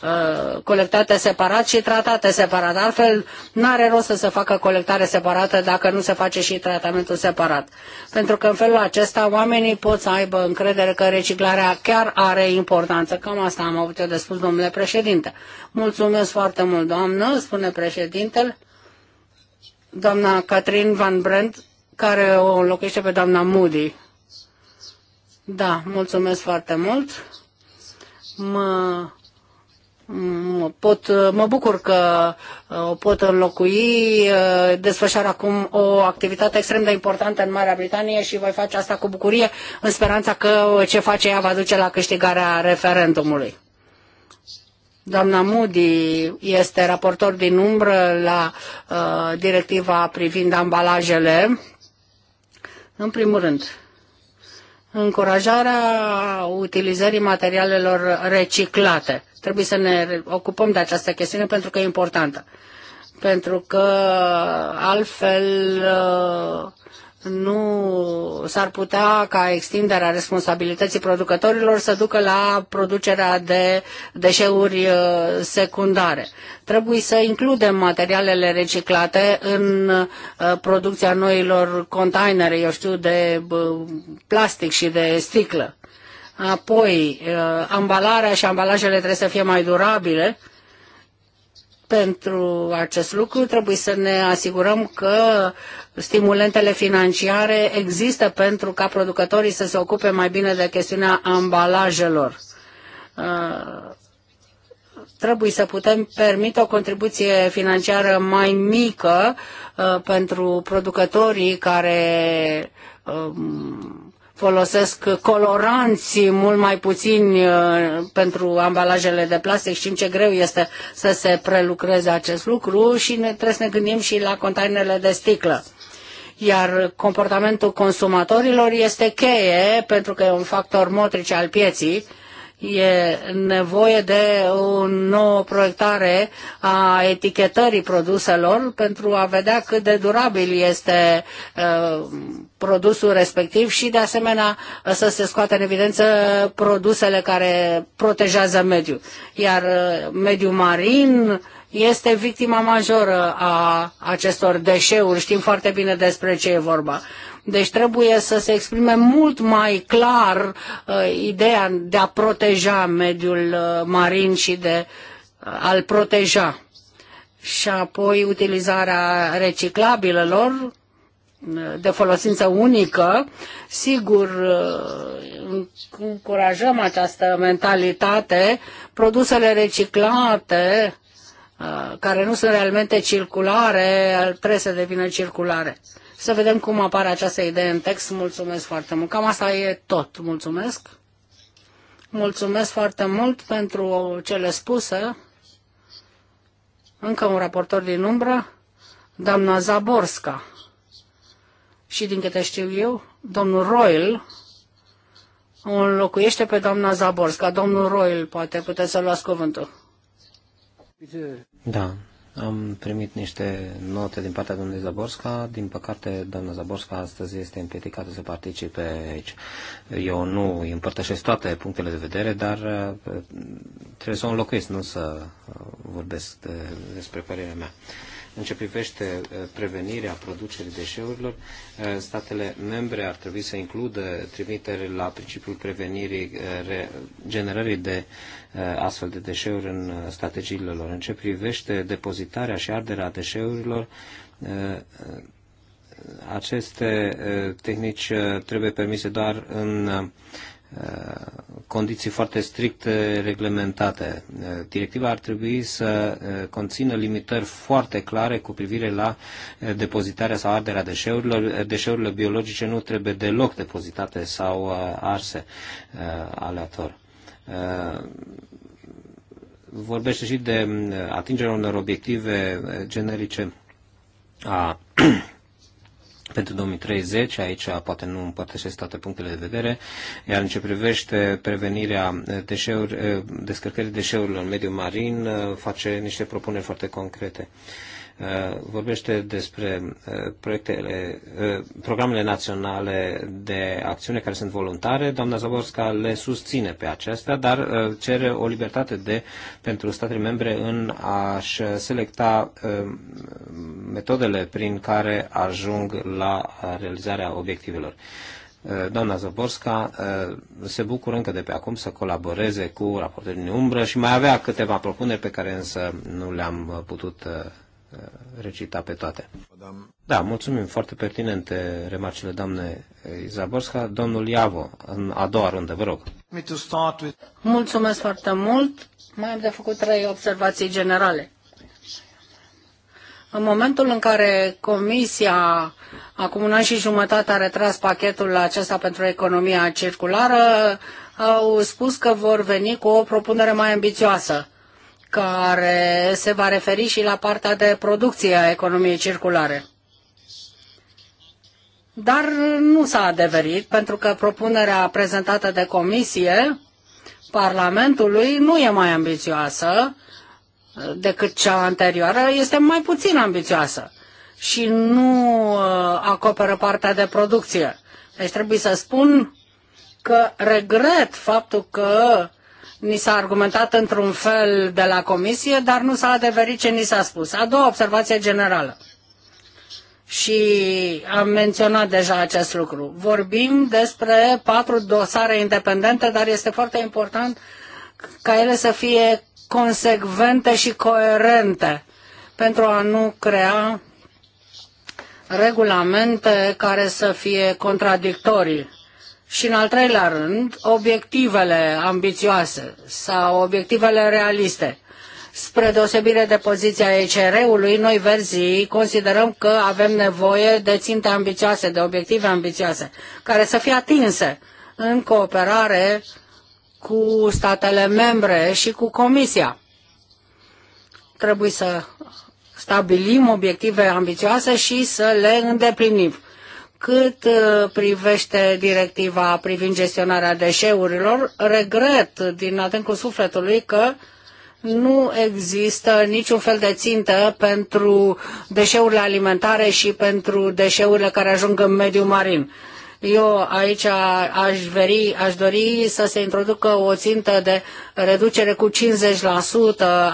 [SPEAKER 3] uh, colectate separat și tratate separat. Altfel, nu are rost să se facă colectare separată dacă nu se face și tratamentul separat. Pentru că în felul acesta oamenii pot să aibă încredere că reciclarea chiar are importanță. Cam asta am avut eu de spus, domnule președinte. Mulțumesc foarte mult, doamnă, spune președintele. Doamna Catherine Van Brent, care o înlocuiește pe doamna Moody. Da, mulțumesc foarte mult. Mă, pot, mă bucur că uh, o pot înlocui. Uh, desfășoară acum o activitate extrem de importantă în Marea Britanie și voi face asta cu bucurie, în speranța că ce face ea va duce la câștigarea referendumului. Doamna Moody este raportor din umbră la uh, directiva privind ambalajele. În primul rând, încurajarea utilizării materialelor reciclate. Trebuie să ne ocupăm de această chestiune pentru că e importantă. Pentru că altfel nu s-ar putea ca extinderea responsabilității producătorilor să ducă la producerea de deșeuri uh, secundare. Trebuie să includem materialele reciclate în uh, producția noilor containere, eu știu, de uh, plastic și de sticlă. Apoi, ambalarea și ambalajele trebuie să fie mai durabile pentru acest lucru trebuie să ne asigurăm că stimulentele financiare există pentru ca producătorii să se ocupe mai bine de chestiunea ambalajelor. Uh, trebuie să putem permite o contribuție financiară mai mică uh, pentru producătorii care um, folosesc coloranți mult mai puțini uh, pentru ambalajele de plastic. Știm ce greu este să se prelucreze acest lucru și ne, trebuie să ne gândim și la containerele de sticlă. Iar comportamentul consumatorilor este cheie pentru că e un factor motrice al pieții E nevoie de o nouă proiectare a etichetării produselor pentru a vedea cât de durabil este uh, produsul respectiv și de asemenea să se scoată în evidență produsele care protejează mediul. Iar uh, mediul marin este victima majoră a acestor deșeuri. Știm foarte bine despre ce e vorba. Deci trebuie să se exprime mult mai clar uh, ideea de a proteja mediul uh, marin și de uh, a-l proteja. Și apoi utilizarea reciclabilelor uh, de folosință unică, sigur uh, încurajăm această mentalitate, produsele reciclate uh, care nu sunt realmente circulare, trebuie să devină circulare. Să vedem cum apare această idee în text. Mulțumesc foarte mult. Cam asta e tot. Mulțumesc. Mulțumesc foarte mult pentru cele spuse. Încă un raportor din umbră, doamna Zaborska. Și din câte știu eu, domnul Royal înlocuiește pe doamna Zaborska. Domnul Royal, poate puteți să luați cuvântul.
[SPEAKER 2] Da, am primit niște note din partea domnului Zaborska. Din păcate, doamna Zaborska astăzi este împiedicată să participe aici. Eu nu îi împărtășesc toate punctele de vedere, dar uh, trebuie să o înlocuiesc, nu să uh, vorbesc uh, despre părerea mea. În ce privește uh, prevenirea producerii deșeurilor, uh, statele membre ar trebui să includă trimitere la principiul prevenirii uh, generării de astfel de deșeuri în strategiile lor. În ce privește depozitarea și arderea deșeurilor, aceste tehnici trebuie permise doar în condiții foarte strict reglementate. Directiva ar trebui să eh, conțină limitări foarte clare cu privire la eh, depozitarea sau arderea deșeurilor. Deșeurile biologice nu trebuie deloc depozitate sau eh, arse aleator. Vorbește și de atingerea unor obiective generice a [clears throat] pentru 2030, aici poate nu împărtășesc toate punctele de vedere, iar în ce privește prevenirea eh, deșeuri, eh, descărcării deșeurilor în mediul marin, eh, face niște propuneri foarte concrete. Uh, Uh, vorbește despre uh, proiectele, uh, programele naționale de acțiune care sunt voluntare. Doamna Zaborska le susține pe acestea, dar cere o libertate de, pentru statele membre în a-și selecta metodele prin care ajung la realizarea obiectivelor. Doamna Zaborska se bucură încă de pe acum să colaboreze cu raportul din umbră și mai avea câteva propuneri pe care însă nu le-am putut Eh, recita pe toate. Da, mulțumim, foarte pertinente remarcile doamne Izaborska. Domnul Iavo, în a doua rundă, vă rog.
[SPEAKER 3] Mulțumesc foarte mult. Mai am de făcut trei observații generale. În momentul în care Comisia, acum un an și jumătate, a retras pachetul acesta pentru economia circulară, au spus că vor veni cu o propunere mai ambițioasă care se va referi și la partea de producție a economiei circulare. Dar nu s-a adeverit, pentru că propunerea prezentată de comisie Parlamentului nu e mai ambițioasă uh, decât cea anterioară, este mai puțin ambițioasă și nu uh, acoperă partea de producție. Deci trebuie să spun că regret faptul că Ni s-a argumentat într-un fel de la comisie, dar nu s-a adeverit ce ni s-a spus. A doua observație generală. Și am menționat deja acest lucru. Vorbim despre patru dosare independente, dar este foarte important ca ele să fie consecvente și coerente pentru a nu crea regulamente care să fie contradictorii. Și în al treilea rând, obiectivele ambițioase sau obiectivele realiste. Spre deosebire de poziția ECR-ului, noi verzii considerăm că avem nevoie de ținte ambițioase, de obiective ambițioase, care să fie atinse în cooperare cu statele membre și cu Comisia. Trebuie să stabilim obiective ambițioase și să le îndeplinim. Cât uh, privește directiva privind gestionarea deșeurilor, regret din adâncul sufletului că nu există niciun fel de țintă pentru deșeurile alimentare și pentru deșeurile care ajung în mediul marin. Eu aici aș, veri, aș dori să se introducă o țintă de reducere cu 50%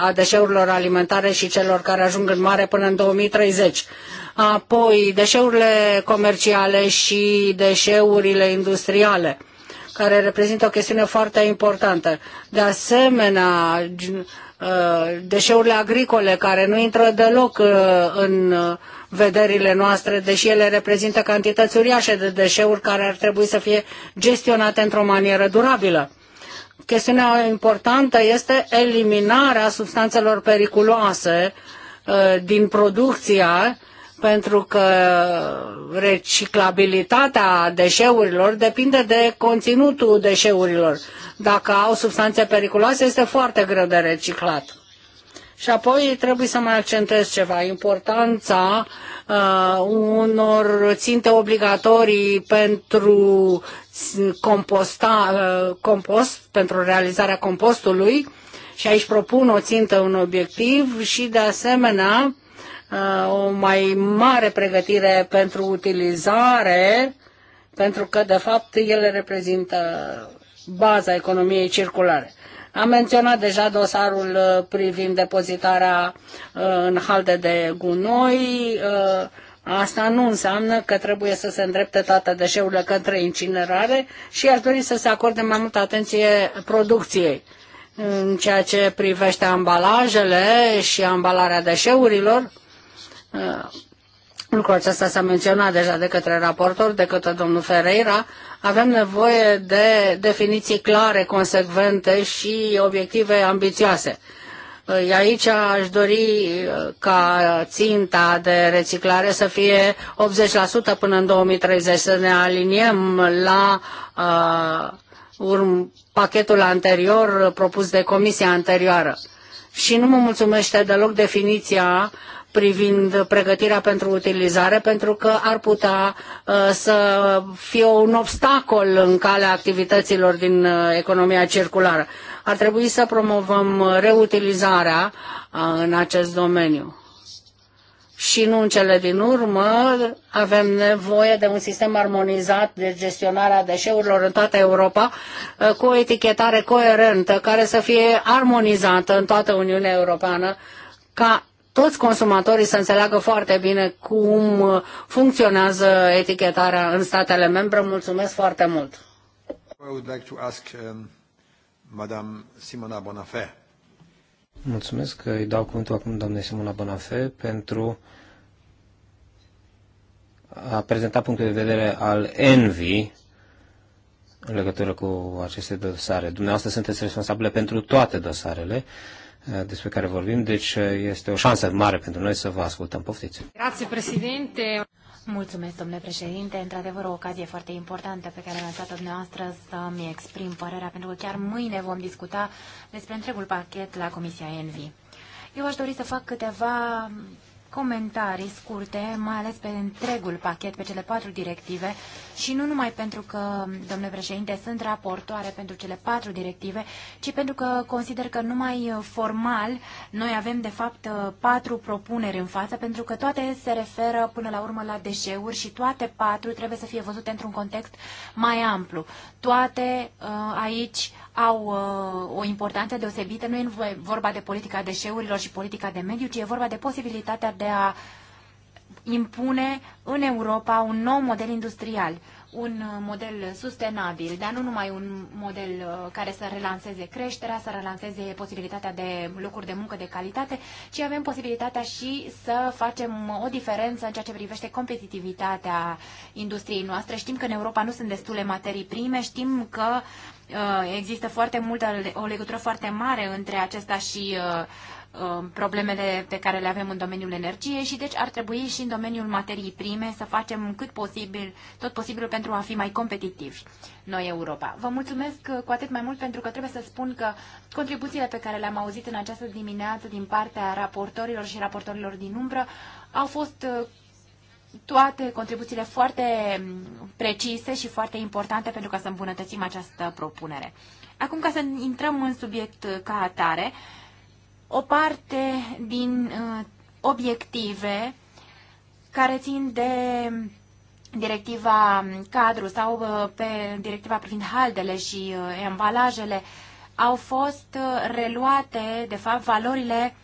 [SPEAKER 3] a deșeurilor alimentare și celor care ajung în mare până în 2030 apoi deșeurile comerciale și deșeurile industriale care reprezintă o chestiune foarte importantă. De asemenea, uh, deșeurile agricole care nu intră deloc uh, în vederile noastre, deși ele reprezintă cantități uriașe de deșeuri care ar trebui să fie gestionate într-o manieră durabilă. Chestiunea importantă este eliminarea substanțelor periculoase uh, din producția pentru că reciclabilitatea deșeurilor depinde de conținutul deșeurilor. Dacă au substanțe periculoase, este foarte greu de reciclat. Și apoi trebuie să mai accentuez ceva, importanța uh, unor ținte obligatorii pentru composta, uh, compost, pentru realizarea compostului și aici propun o țintă, un obiectiv și de asemenea uh, Uh, o mai mare pregătire pentru utilizare, pentru că, de fapt, ele reprezintă baza economiei circulare. Am menționat deja dosarul uh, privind depozitarea uh, în halde de gunoi. Asta nu înseamnă că trebuie să se îndrepte toate deșeurile către incinerare și ar dori să se acorde mai multă atenție producției. În ceea ce privește ambalajele și ambalarea deșeurilor, Uh, lucrul acesta s-a menționat deja de către raportor, de către domnul Ferreira. Avem nevoie de definiții clare, consecvente și obiective ambițioase. Uh, aici aș dori uh, ca ținta de reciclare să fie 80% până în 2030, să ne aliniem la uh, urm, pachetul anterior propus de comisia anterioară. Și nu mă mulțumește deloc definiția uh, privind pregătirea pentru utilizare, pentru că ar putea uh, să fie un obstacol în calea activităților din uh, economia circulară. Ar trebui să promovăm reutilizarea uh, în acest domeniu. Și nu în cele din urmă, avem nevoie de un sistem armonizat de gestionarea deșeurilor în toată Europa, cu o etichetare coerentă, care să fie armonizată în toată Uniunea Europeană, ca toți consumatorii să înțeleagă foarte bine cum uh, funcționează etichetarea în statele membre. Mulțumesc foarte mult! I would like to ask um, Simona Bonafé.
[SPEAKER 2] Mulțumesc că îi dau cuvântul acum doamnei Simona Bonafé pentru a prezenta punctul de vedere al Envy în legătură cu aceste dosare. Dumneavoastră sunteți responsabile pentru toate dosarele Eh, despre care vorbim, deci eh, este o șansă mare pentru noi să vă ascultăm. Poftiți!
[SPEAKER 1] Grazie, președinte! Mulțumesc, domnule președinte. Într-adevăr, o ocazie foarte importantă pe care am lăsat o dumneavoastră să-mi exprim părerea, pentru că chiar mâine vom discuta despre întregul pachet la Comisia Envi. Eu aș dori să fac câteva comentarii scurte, mai ales pe întregul pachet, pe cele patru directive și nu numai pentru că, domnule președinte, sunt raportoare pentru cele patru directive, ci pentru că consider că numai formal noi avem, de fapt, patru propuneri în față, pentru că toate se referă până la urmă la deșeuri și toate patru trebuie să fie văzute într-un context mai amplu. Toate uh, aici au uh, o importanță deosebită. Nu e vorba de politica deșeurilor și politica de mediu, ci e vorba de posibilitatea de a impune în Europa un nou model industrial un uh, model sustenabil, dar nu numai un model uh, care să relanseze creșterea, să relanseze posibilitatea de locuri de muncă de calitate, ci avem posibilitatea și să facem uh, o diferență în ceea ce privește competitivitatea industriei noastre. Știm că în Europa nu sunt destule materii prime, știm că există foarte multă, o legătură foarte mare între acesta și uh, Um, problemele pe care le avem în domeniul energiei și deci ar trebui și în domeniul materiei prime să facem cât posibil, tot posibilul pentru a fi mai competitivi noi Europa. Vă mulțumesc uh, cu atât mai mult pentru că trebuie să spun că contribuțiile pe care le-am auzit în această dimineață din partea raportorilor și raportorilor din umbră au fost uh, toate contribuțiile foarte um, precise și foarte importante pentru ca să îmbunătățim această propunere. Acum ca să intrăm în subiect uh, ca atare, o parte din uh, obiective care țin de directiva cadru sau uh, pe directiva privind haldele și embalajele uh, au fost reluate, de fapt, valorile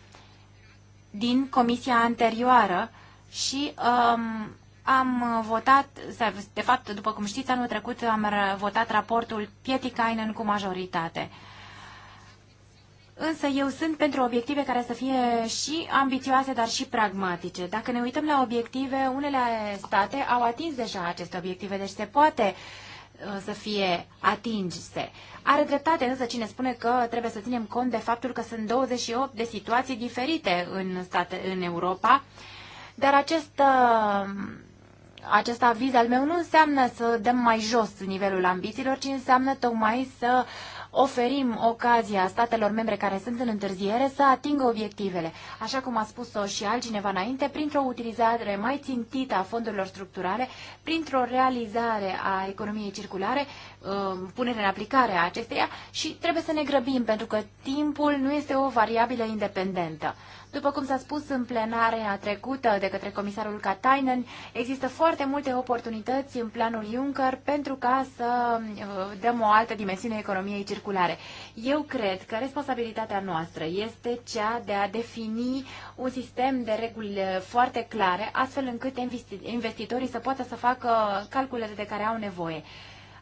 [SPEAKER 1] din comisia anterioară și um, am votat, de fapt, după cum știți, anul trecut am votat raportul Pietikainen cu majoritate. Însă eu sunt pentru obiective care să fie și ambițioase, dar și pragmatice. Dacă ne uităm la obiective, unele state au atins deja aceste obiective, deci se poate uh, să fie atinse. Are dreptate însă cine spune că trebuie să ținem cont de faptul că sunt 28 de situații diferite în, state, în Europa, dar acest, uh, acest aviz al meu nu înseamnă să dăm mai jos nivelul ambițiilor, ci înseamnă tocmai să uh, oferim ocazia statelor membre care sunt în întârziere să atingă obiectivele, așa cum a spus-o și altcineva înainte, printr-o utilizare mai țintită a fondurilor structurale, printr-o realizare a economiei circulare, uh, punere în aplicare a acesteia și trebuie să ne grăbim, pentru că timpul nu este o variabilă independentă. După cum s-a spus în plenarea trecută de către comisarul Katainen, există foarte multe oportunități în planul Juncker pentru ca să uh, dăm o altă dimensiune economiei circulare. Eu cred că responsabilitatea noastră este cea de a defini un sistem de reguli uh, foarte clare, astfel încât investitorii să poată să facă calculele de care au nevoie.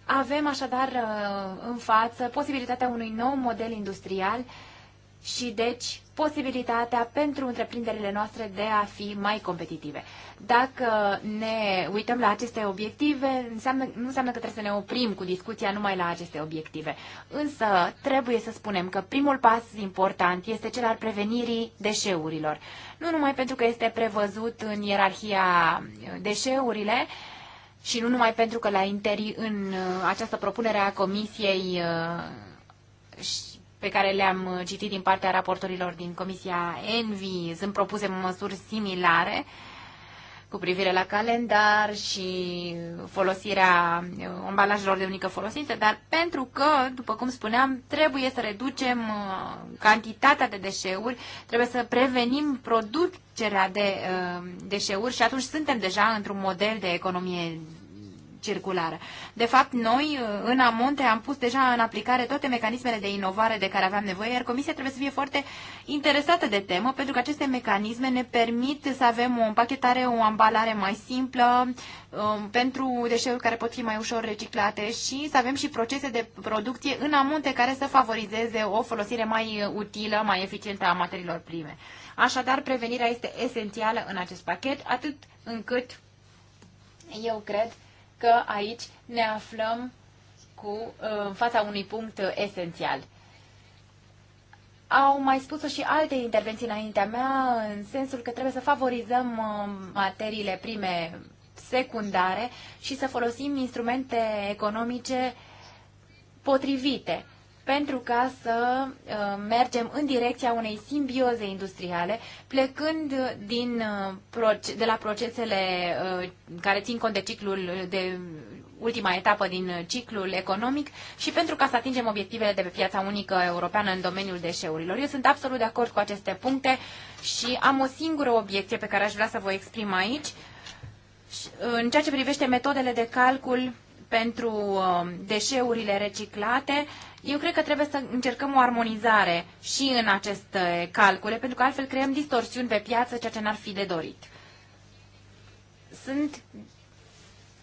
[SPEAKER 1] Avem așadar uh, în față posibilitatea unui nou model industrial și deci posibilitatea pentru întreprinderile noastre de a fi mai competitive. Dacă ne uităm la aceste obiective, înseamnă, nu înseamnă că trebuie să ne oprim cu discuția numai la aceste obiective. Însă trebuie să spunem că primul pas important este cel al prevenirii deșeurilor. Nu numai pentru că este prevăzut în ierarhia deșeurile, și nu numai pentru că la interi, în uh, această propunere a Comisiei uh, pe care le-am uh, citit din partea raportorilor din Comisia Envi sunt propuse măsuri similare cu privire la calendar și folosirea uh, ambalajelor de unică folosință, dar pentru că, după cum spuneam, trebuie să reducem uh, cantitatea de deșeuri, trebuie să prevenim producerea de deșeuri și atunci suntem deja într-un model de economie circulară. De fapt, noi uh, în amonte am pus deja în aplicare toate mecanismele de inovare de care aveam nevoie, iar Comisia trebuie să fie foarte interesată de temă, pentru că aceste mecanisme ne permit să avem o împachetare, o ambalare mai simplă um, pentru deșeuri care pot fi mai ușor reciclate și să avem și procese de producție în amonte care să favorizeze o folosire mai uh, utilă, mai eficientă a materiilor prime. Așadar, prevenirea este esențială în acest pachet, atât încât eu cred că aici ne aflăm cu, uh, în fața unui punct uh, esențial. Au mai spus-o și alte intervenții înaintea mea, în sensul că trebuie să favorizăm uh, materiile prime secundare și să folosim instrumente economice potrivite pentru ca să uh, mergem în direcția unei simbioze industriale, plecând din, uh, de la procesele uh, care țin cont de ciclul de ultima etapă din ciclul economic și pentru ca să atingem obiectivele de pe piața unică europeană în domeniul deșeurilor. Eu sunt absolut de acord cu aceste puncte și am o singură obiecție pe care aș vrea să vă exprim aici în ceea ce privește metodele de calcul pentru deșeurile reciclate. Eu cred că trebuie să încercăm o armonizare și în aceste calcule, pentru că altfel creăm distorsiuni pe piață, ceea ce n-ar fi de dorit. Sunt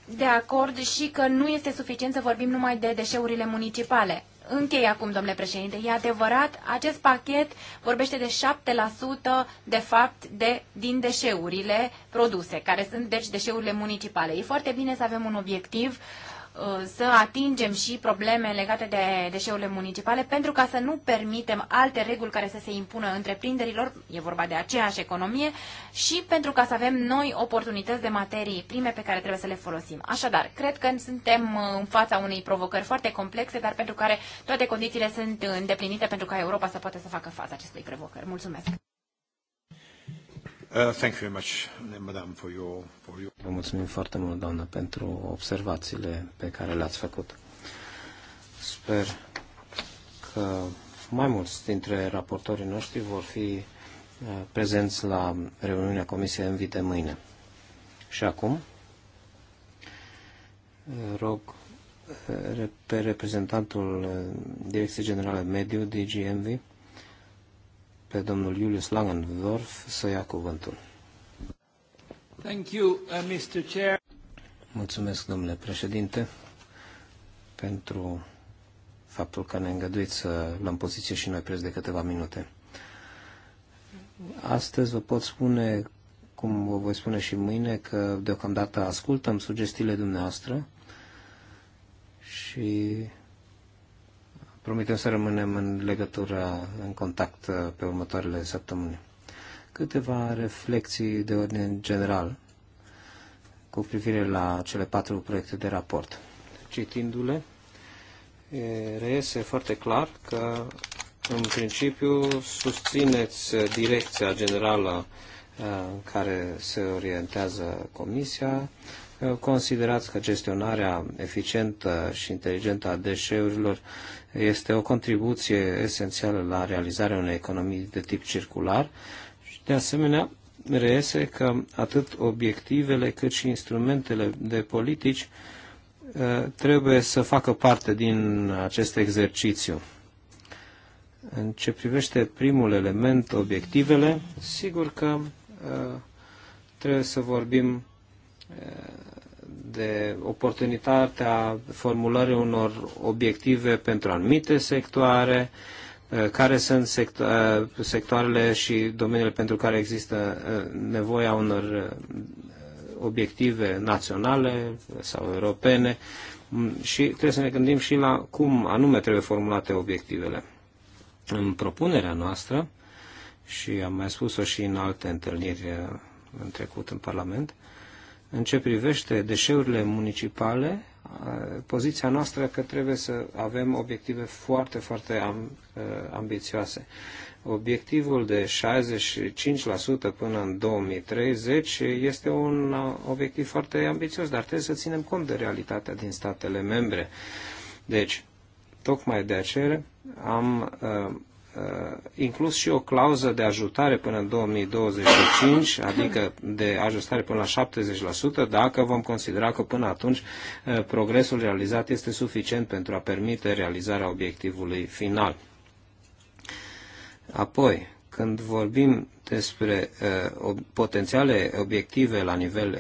[SPEAKER 1] de acord și că nu este suficient să vorbim numai de deșeurile municipale. Închei acum, domnule președinte. E adevărat, acest pachet vorbește de 7% de fapt de, din deșeurile produse, care sunt deci deșeurile municipale. E foarte bine să avem un obiectiv uh, Uh, să atingem și probleme legate de deșeurile municipale pentru ca să nu permitem alte reguli care să se impună întreprinderilor, e vorba de aceeași economie, și pentru ca să avem noi oportunități de materii prime pe care trebuie să le folosim. Așadar, cred că suntem uh, în fața unei provocări foarte complexe, dar pentru care toate condițiile sunt îndeplinite pentru ca Europa să poată să facă față acestei provocări. Mulțumesc!
[SPEAKER 2] Uh, thank you very much, madam, for your, for your... Vă mulțumim foarte mult, doamnă, pentru observațiile pe care le-ați făcut. Sper că mai mulți dintre raportorii noștri vor fi uh, prezenți la reuniunea Comisiei Envi mâine. Și acum rog uh, pe reprezentantul Direcției Generale Mediu, DGMV, pe domnul Julius Langendorf să ia cuvântul. Thank you, uh, Mr. Chair. Mulțumesc, domnule președinte, pentru faptul că ne îngăduiți să luăm poziție și noi preț de câteva minute. Astăzi vă pot spune, cum vă voi spune și mâine, că deocamdată ascultăm sugestiile dumneavoastră și Promitem să rămânem în legătură, în contact uh, pe următoarele săptămâni. Câteva reflexii de ordine general cu privire la cele patru proiecte de raport. Citindu-le, reiese foarte clar că, în principiu, susțineți direcția generală uh, în care se orientează Comisia, considerați că gestionarea eficientă și inteligentă a deșeurilor este o contribuție esențială la realizarea unei economii de tip circular și, de asemenea, reiese că atât obiectivele cât și instrumentele de politici uh, trebuie să facă parte din acest exercițiu. În ce privește primul element, obiectivele, sigur că uh, trebuie să vorbim uh, de oportunitatea formulării unor obiective pentru anumite sectoare, eh, care sunt eh, sectoarele și domeniile pentru care există eh, nevoia unor obiective naționale sau europene mm, și trebuie să ne gândim și la cum anume trebuie formulate obiectivele. În propunerea noastră, și am mai spus-o și în alte întâlniri în trecut în Parlament, în ce privește deșeurile municipale, poziția noastră că trebuie să avem obiective foarte, foarte am, ambițioase. Obiectivul de 65% până în 2030 este un obiectiv foarte ambițios, dar trebuie să ținem cont de realitatea din statele membre. Deci, tocmai de aceea am Uh, inclus și o clauză de ajutare până în 2025, adică de ajustare până la 70%, dacă vom considera că până atunci uh, progresul realizat este suficient pentru a permite realizarea obiectivului final. Apoi, când vorbim despre uh, potențiale obiective la nivel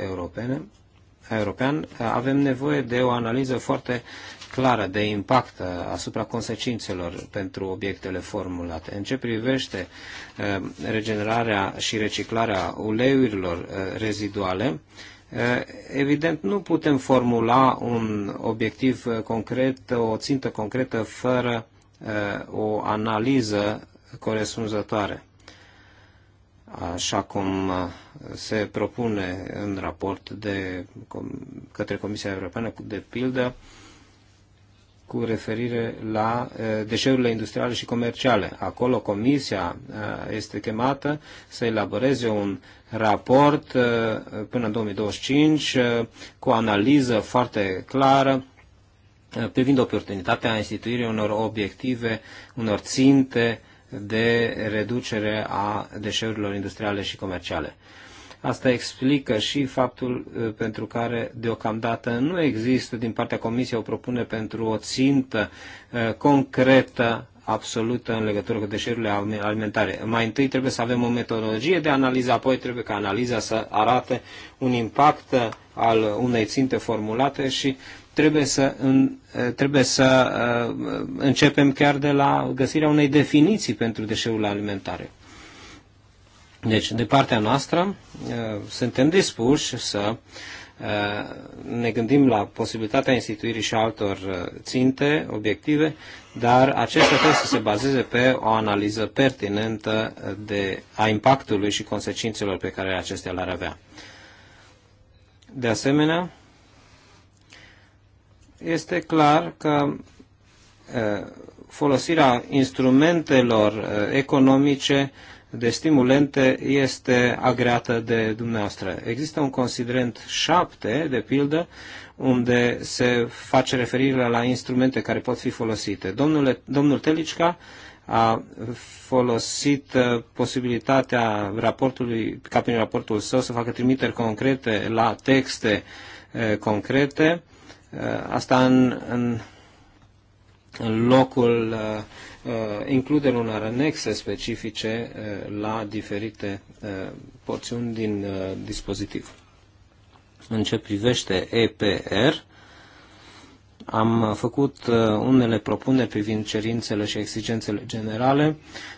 [SPEAKER 2] european, uh, avem nevoie de o analiză foarte clară de impact asupra consecințelor pentru obiectele formulate. În ce privește eh, regenerarea și reciclarea uleiurilor eh, reziduale, eh, Evident, nu putem formula un obiectiv concret, o țintă concretă, fără o analiză corespunzătoare, așa cum se propune în raport de către Comisia Europeană, de pildă, cu referire la deșeurile industriale și comerciale. Acolo comisia este chemată să elaboreze un raport până în 2025 cu o analiză foarte clară privind oportunitatea instituirii unor obiective, unor ținte de reducere a deșeurilor industriale și comerciale. Asta explică și faptul uh, pentru care deocamdată nu există din partea Comisiei o propunere pentru o țintă uh, concretă absolută în legătură cu deșeurile alimentare. Mai întâi trebuie să avem o metodologie de analiză, apoi trebuie ca analiza să arate un impact al unei ținte formulate și trebuie să, uh, trebuie să începem chiar de la găsirea unei definiții pentru deșeurile alimentare. Deci, de partea noastră, uh, suntem dispuși să uh, ne gândim la posibilitatea instituirii și altor uh, ținte, obiective, dar acestea trebuie să se bazeze pe o analiză pertinentă de, a impactului și consecințelor pe care acestea le-ar avea. De asemenea, este clar că folosirea instrumentelor economice de stimulente este agreată de dumneavoastră. Există un considerent 7, de pildă, unde se face referire la instrumente care pot fi folosite. Domnule, domnul Telicca a folosit uh, posibilitatea raportului, ca prin raportul său, să facă trimiteri concrete la texte e, uh, concrete. E, uh, asta în, în, în locul e, Uh, includere unor anexe specifice uh, la diferite uh, porțiuni din dispozitiv. În ce privește EPR, am făcut unele propuneri privind cerințele și exigențele generale,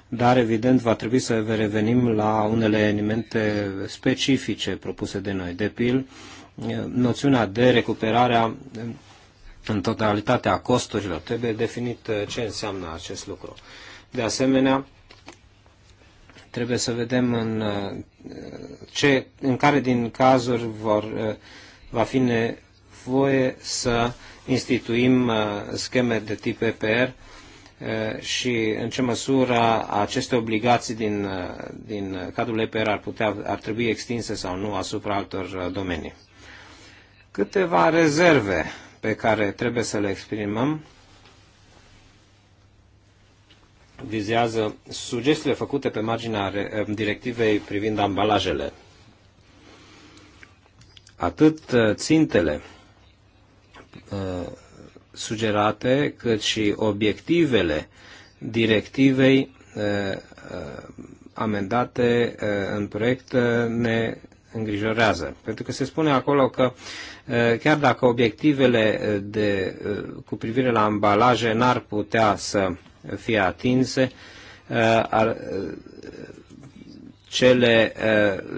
[SPEAKER 2] dar evident va trebui să revenim la unele elemente specifice propuse de noi. De pil, noțiunea de recuperare a în totalitatea costurilor. Trebuie definit uh, ce înseamnă acest lucru. De asemenea, trebuie să vedem în, uh, ce, în care din cazuri vor, uh, va fi nevoie să instituim scheme de tip EPR și în ce măsură aceste obligații din, din cadrul EPR ar, putea, ar trebui extinse sau nu asupra altor domenii. Câteva rezerve pe care trebuie să le exprimăm vizează sugestiile făcute pe marginea eh, directivei privind ambalajele. Atât eh, țintele eh, sugerate, cât și obiectivele directivei amendate în proiect ne îngrijorează. Pentru că se spune acolo că Eh, chiar dacă obiectivele eh, de, eh, cu privire la ambalaje n-ar putea să fie atinse, ar, cele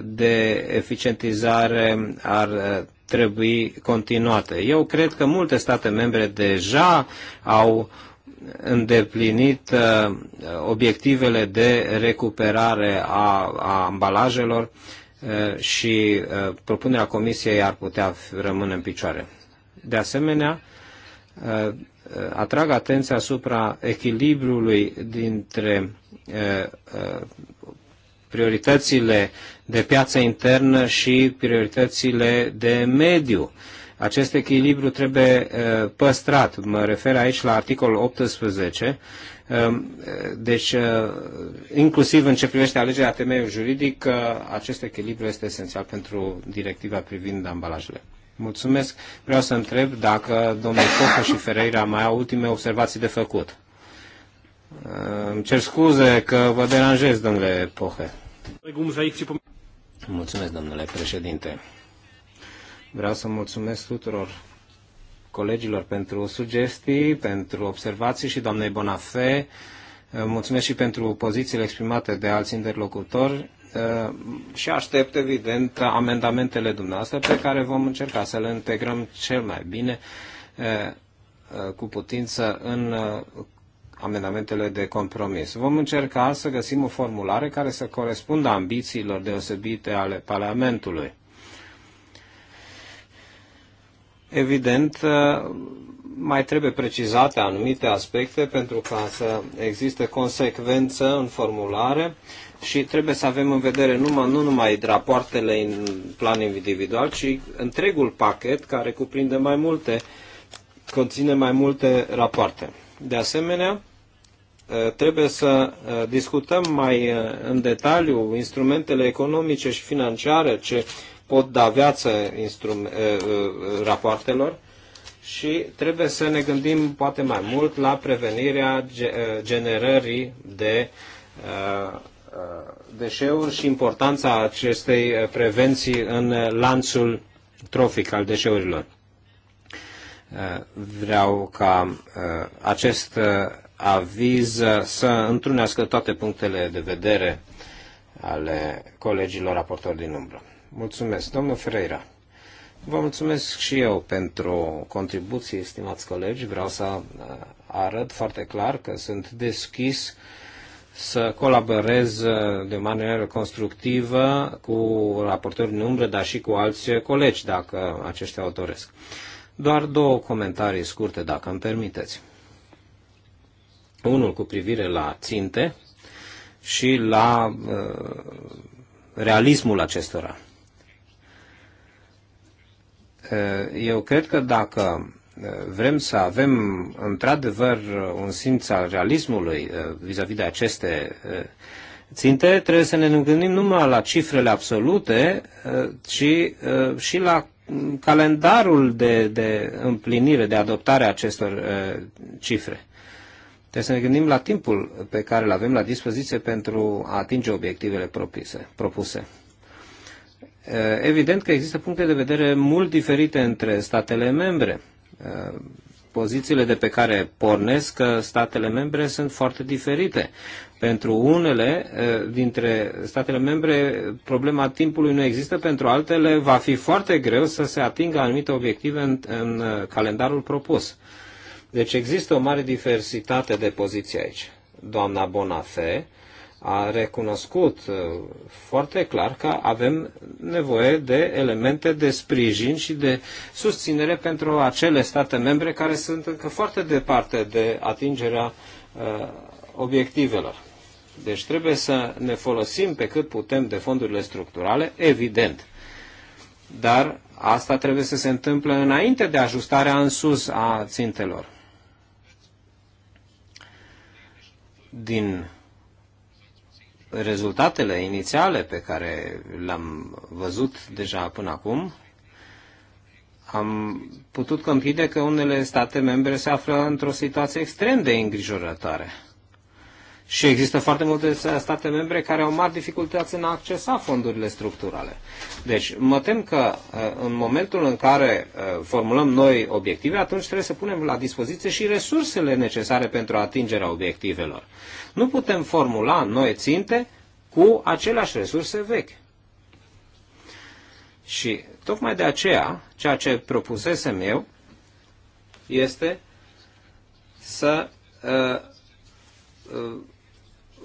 [SPEAKER 2] de eficientizare ar trebui continuate. Eu cred că multe state membre deja au îndeplinit obiectivele de recuperare a, a ambalajelor Eh, și eh, propunerea Comisiei ar putea rămâne în picioare. De asemenea, eh, atrag atenția asupra echilibrului dintre prioritățile de piață internă și prioritățile de mediu. Acest echilibru trebuie păstrat. Mă refer aici la articolul 18, Um, deci, uh, inclusiv în ce privește alegerea temeiului juridic, uh, acest echilibru este esențial pentru directiva privind ambalajele. Mulțumesc. Vreau să întreb dacă domnul Coca și Ferreira mai au ultime observații de făcut. Uh, îmi cer scuze că vă deranjez, domnule Pohe. Mulțumesc, domnule președinte. Vreau să mulțumesc tuturor colegilor pentru sugestii, pentru observații și doamnei Bonafé. Uh, mulțumesc și pentru pozițiile exprimate de alți interlocutori uh, și aștept, evident, amendamentele dumneavoastră pe care vom încerca să le integrăm cel mai bine uh, cu putință în amendamentele de compromis. Vom încerca să găsim o formulare care să corespundă ambițiilor deosebite ale Parlamentului. Evident, uh, mai trebuie precizate anumite aspecte pentru ca să existe consecvență în formulare și trebuie să avem în vedere numai, nu numai rapoartele în plan individual, ci întregul pachet care cuprinde mai multe, conține mai multe rapoarte. De asemenea, uh, trebuie să uh, discutăm mai în detaliu instrumentele economice și financiare ce uh, pot da viață rapoartelor și trebuie să ne gândim poate mai mult la prevenirea generării de deșeuri și importanța acestei prevenții în lanțul trofic al deșeurilor. Vreau ca acest aviz să întrunească toate punctele de vedere ale colegilor raportori din umbră. Mulțumesc. Domnul Ferreira. Vă mulțumesc și eu pentru contribuție, estimați colegi. Vreau să uh, arăt foarte clar că sunt deschis să colaborez uh, de manieră constructivă cu raportori în umbră, dar și cu alți colegi, dacă aceștia o doresc. Doar două comentarii scurte, dacă îmi permiteți. Unul cu privire la ținte și la uh, realismul acestora. Eh, eu cred că dacă eh, vrem să avem într-adevăr un simț al realismului eh, vis-a-vis -vis de aceste ținte, trebuie să ne gândim numai la cifrele absolute, ci și la calendarul de, de împlinire, de adoptare a acestor cifre. Trebuie să ne gândim la timpul pe care îl avem la dispoziție pentru a atinge obiectivele propise, propuse. Eh, evident că există puncte de vedere mult diferite între statele membre. Eh, pozițiile de pe care pornesc eh, statele membre sunt foarte diferite. Pentru unele dintre statele membre, problema timpului nu există, pentru altele va fi foarte greu să se atingă anumite obiective în, în calendarul propus. Deci există o mare diversitate de poziții aici. Doamna Bonafé, a recunoscut uh, foarte clar că avem nevoie de elemente de sprijin și de susținere pentru acele state membre care sunt încă foarte departe de atingerea uh, obiectivelor. Deci trebuie să ne folosim pe cât putem de fondurile structurale, evident. Dar asta trebuie să se întâmple înainte de ajustarea în sus a țintelor. Din rezultatele inițiale pe care le-am văzut deja până acum, am putut conclude că unele state membre se află într-o situație extrem de îngrijorătoare. Și există foarte multe state membre care au mari dificultăți în a accesa fondurile structurale. Deci, mă tem că uh, în momentul în care uh, formulăm noi obiective, atunci trebuie să punem la dispoziție și resursele necesare pentru atingerea obiectivelor. Nu putem formula noi ținte cu aceleași resurse vechi. Și tocmai de aceea, ceea ce propusesem eu este să uh, uh,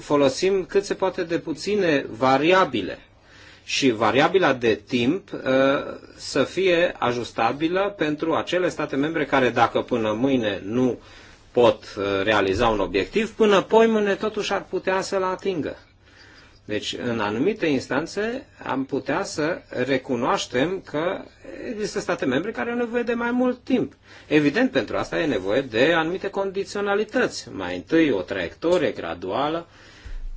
[SPEAKER 2] folosim cât se poate de puține variabile și variabila de timp uh, să fie ajustabilă pentru acele state membre care dacă până mâine nu pot uh, realiza un obiectiv, până mâine totuși ar putea să-l atingă. Deci, în anumite instanțe, am putea să recunoaștem că există state membre care au nevoie de mai mult timp. Evident, pentru asta e nevoie de anumite condiționalități. Mai întâi, o traiectorie graduală, uh,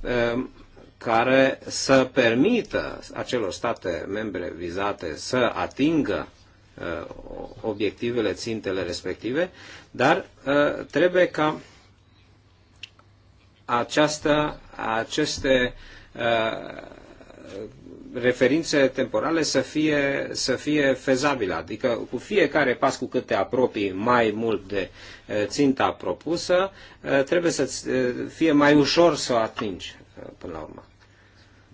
[SPEAKER 2] Um, care să permită acelor state membre vizate să atingă uh, obiectivele, țintele respective, dar uh, trebuie ca aceasta, aceste uh, referințe temporale să fie, să fie fezabile, adică cu fiecare pas cu cât te apropii mai mult de eh, ținta propusă, eh, trebuie să eh, fie mai ușor să o atingi până la urmă.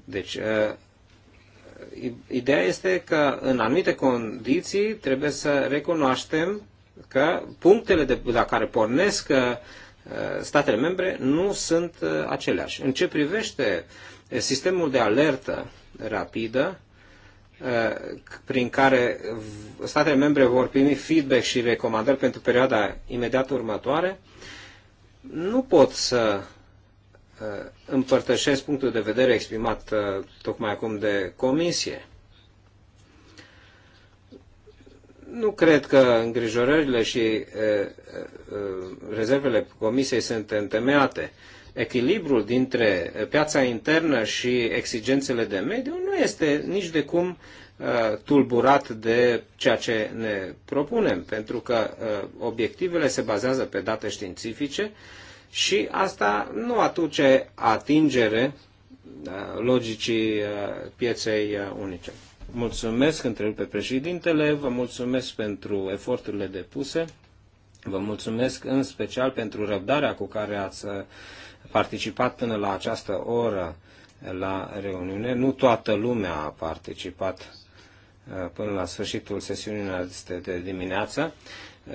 [SPEAKER 2] Deci, ideea este că în anumite condiții trebuie să recunoaștem că punctele de la care pornesc statele membre nu sunt aceleași. În ce privește sistemul de alertă rapidă uh, prin care statele membre vor primi feedback și recomandări pentru perioada imediat următoare, nu pot să uh, împărtășesc punctul de vedere exprimat uh, tocmai acum de comisie. Nu cred că îngrijorările și rezervele comisiei sunt întemeiate echilibrul dintre piața internă și exigențele de mediu nu este nici de cum uh, tulburat de ceea ce ne propunem, pentru că uh, obiectivele se bazează pe date științifice și asta nu aduce atingere uh, logicii pieței unice. Mulțumesc, pe președintele, vă mulțumesc pentru eforturile depuse, vă mulțumesc în special pentru răbdarea cu care ați participat până la această oră la reuniune. Nu toată lumea a participat uh, până la sfârșitul sesiunii de dimineață. Uh,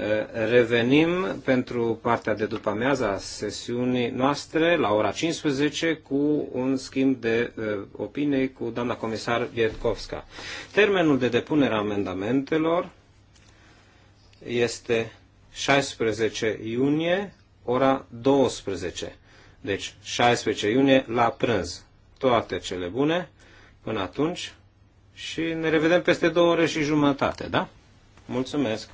[SPEAKER 2] revenim pentru partea de după amiaza sesiunii noastre la ora 15 cu un schimb de uh, opinie cu doamna comisar Vietkovska. Termenul de depunere a amendamentelor este 16 iunie, ora 12. Deci, 16 iunie la prânz. Toate cele bune până atunci și ne revedem peste două ore și jumătate, da? Mulțumesc!